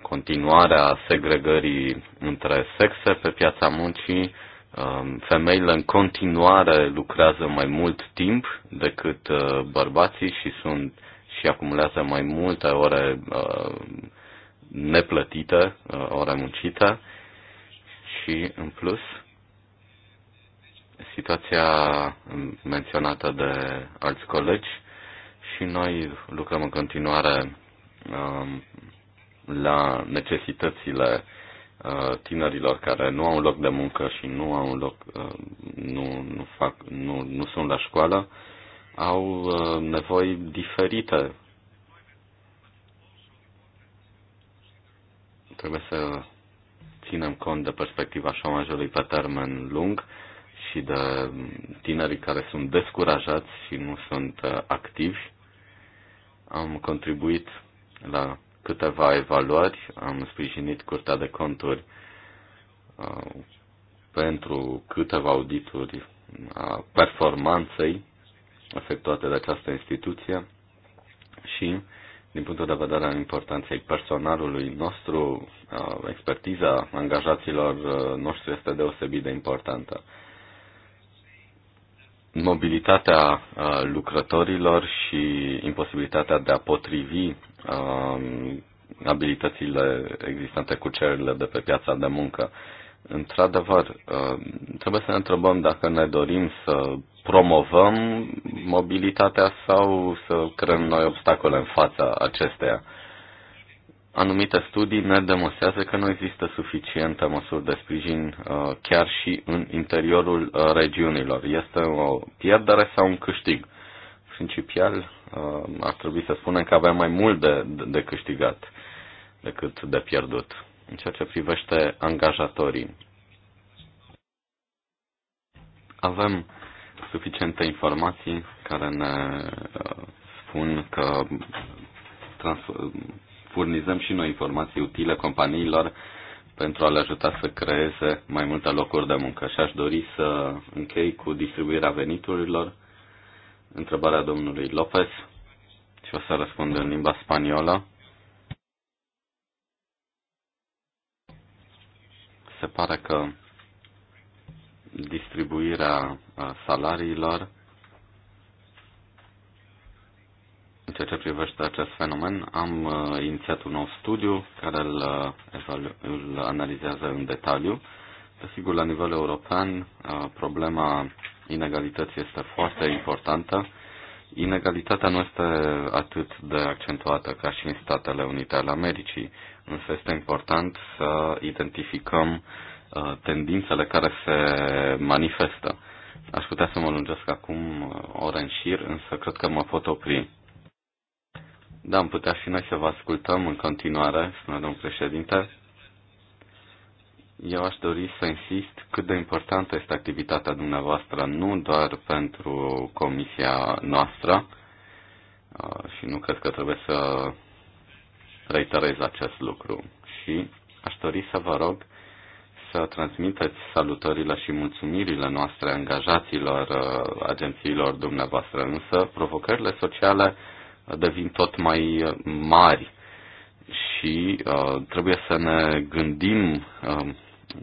continuarea segregării între sexe pe piața muncii, um, femeile în continuare lucrează mai mult timp decât uh, bărbații și sunt și acumulează mai multe ore uh, neplătite, uh, ore muncite și în plus situația um, menționată de alți colegi și noi lucrăm în continuare um, la necesitățile uh, tinerilor care nu au un loc de muncă și nu au un loc, uh, nu, nu, fac, nu, nu sunt la școală, au uh, nevoi diferite. Trebuie să ținem cont de perspectiva șomajului pe termen lung și de tinerii care sunt descurajați și nu sunt activi. Am contribuit la câteva evaluări, am sprijinit Curtea de Conturi uh, pentru câteva audituri a performanței efectuate de această instituție și, din punctul de vedere al importanței personalului nostru, uh, expertiza angajaților uh, noștri este deosebit de importantă mobilitatea uh, lucrătorilor și imposibilitatea de a potrivi um, abilitățile existente cu cererile de pe piața de muncă. Într-adevăr, um, trebuie să ne întrebăm dacă ne dorim să promovăm mobilitatea sau să creăm noi obstacole în fața acesteia anumite studii ne demonstrează că nu există suficientă măsuri de sprijin uh, chiar și în interiorul uh, regiunilor. Este o pierdere sau un câștig? Principial, uh, ar trebui să spunem că avem mai mult de, de câștigat decât de pierdut în ceea ce privește angajatorii. Avem suficiente informații care ne spun că trans- furnizăm și noi informații utile companiilor pentru a le ajuta să creeze mai multe locuri de muncă. Și aș dori să închei cu distribuirea veniturilor. Întrebarea domnului Lopez și o să răspund în limba spaniolă. Se pare că distribuirea salariilor în ceea ce privește acest fenomen, am uh, inițiat un nou studiu care îl, uh, evalu- îl analizează în detaliu. Desigur, la nivel european, uh, problema inegalității este foarte importantă. Inegalitatea nu este atât de accentuată ca și în Statele Unite ale Americii, însă este important să identificăm uh, tendințele care se manifestă. Aș putea să mă lungesc acum uh, ore în șir, însă cred că mă pot opri. Da, am putea și noi să vă ascultăm în continuare, spune domnul președinte. Eu aș dori să insist cât de importantă este activitatea dumneavoastră, nu doar pentru comisia noastră, uh, și nu cred că trebuie să reiterez acest lucru. Și aș dori să vă rog să transmiteți salutările și mulțumirile noastre angajaților uh, agențiilor dumneavoastră, însă provocările sociale devin tot mai uh, mari și uh, trebuie să ne gândim uh,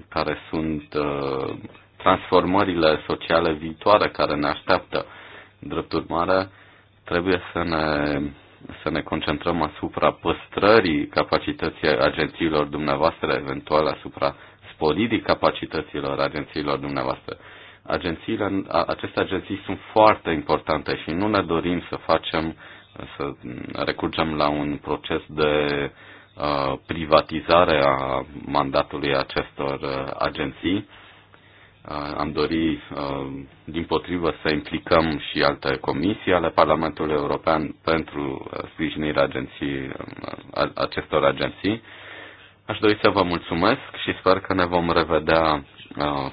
care sunt uh, transformările sociale viitoare care ne așteaptă. Drept urmare, trebuie să ne, să ne concentrăm asupra păstrării capacității agențiilor dumneavoastră, eventual asupra sporirii capacităților agențiilor dumneavoastră. Agențiile, aceste agenții sunt foarte importante și nu ne dorim să facem uh, să recurgem la un proces de uh, privatizare a mandatului acestor uh, agenții. Uh, am dori, din potrivă, să implicăm și alte comisii ale Parlamentului European pentru sprijinirea agenții, acestor agenții. Aș dori să vă mulțumesc și sper că ne vom revedea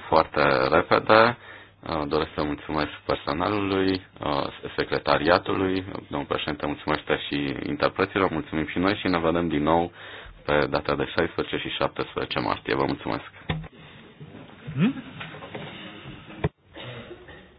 foarte repede Uh, doresc să mulțumesc personalului, uh, secretariatului, domnul președinte, mulțumesc și interpreților, mulțumim și noi și ne vedem din nou pe data de 16 și 17 martie. Vă mulțumesc! Hmm?